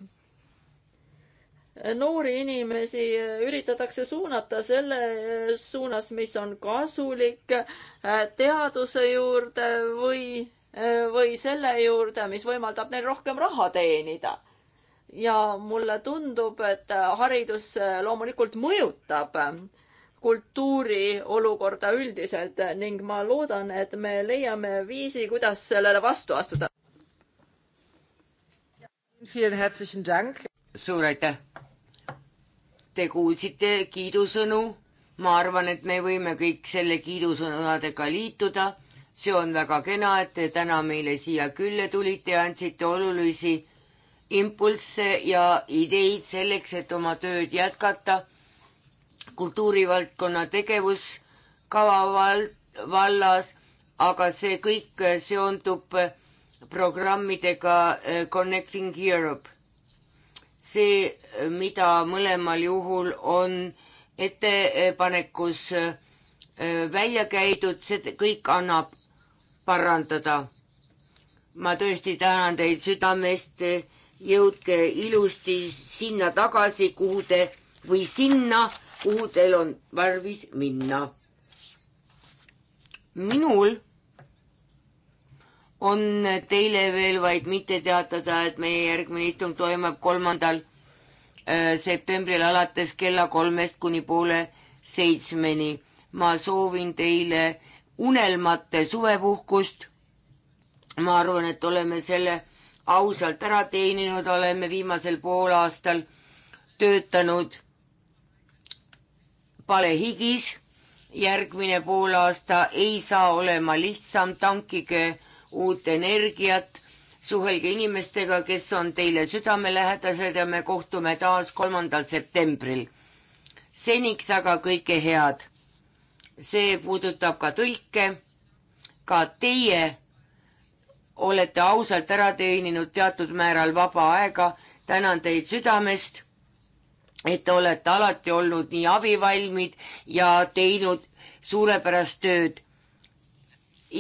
noori inimesi üritatakse suunata selle suunas, mis on kasulik teaduse juurde või, või selle juurde, mis võimaldab neil rohkem raha teenida ja mulle tundub, et haridus loomulikult mõjutab äh, kultuuri olukorda üldiselt ning ma loodan, et me leiame viisi, kuidas sellele vastu astuda. suur aitäh! Te kuulsite kiidusõnu. ma arvan, et me võime kõik selle kiidusõnadega liituda. see on väga kena, et te täna meile siia külla tulite ja andsite olulisi impulsse ja ideid selleks, et oma tööd jätkata kultuurivaldkonna tegevuskava val-, vallas, aga see kõik seondub programmidega eh, Connecting Europe. see, eh, mida mõlemal juhul on ettepanekus eh, välja käidud, see kõik annab parandada. ma tõesti tänan teid südamest, jõudke ilusti sinna tagasi, kuhu te või sinna, kuhu teil on tarvis minna. minul on teile veel vaid mitte teatada, et meie järgmine istung toimub kolmandal äh, septembril alates kella kolmest kuni poole seitsmeni. ma soovin teile unelmate suvepuhkust. ma arvan, et oleme selle ausalt ära teeninud, oleme viimasel poolaastal töötanud palehigis. järgmine poolaasta ei saa olema lihtsam, tankige uut energiat, suhelge inimestega, kes on teile südamelähedased ja me kohtume taas kolmandal septembril. seniks aga kõike head. see puudutab ka tõlke, ka teie olete ausalt ära teeninud teatud määral vaba aega. tänan teid südamest et te olete alati olnud nii abivalmid ja teinud suurepärast tööd.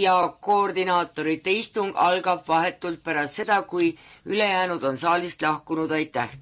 ja koordinaatorite istung algab vahetult pärast seda, kui ülejäänud on saalist lahkunud, aitäh!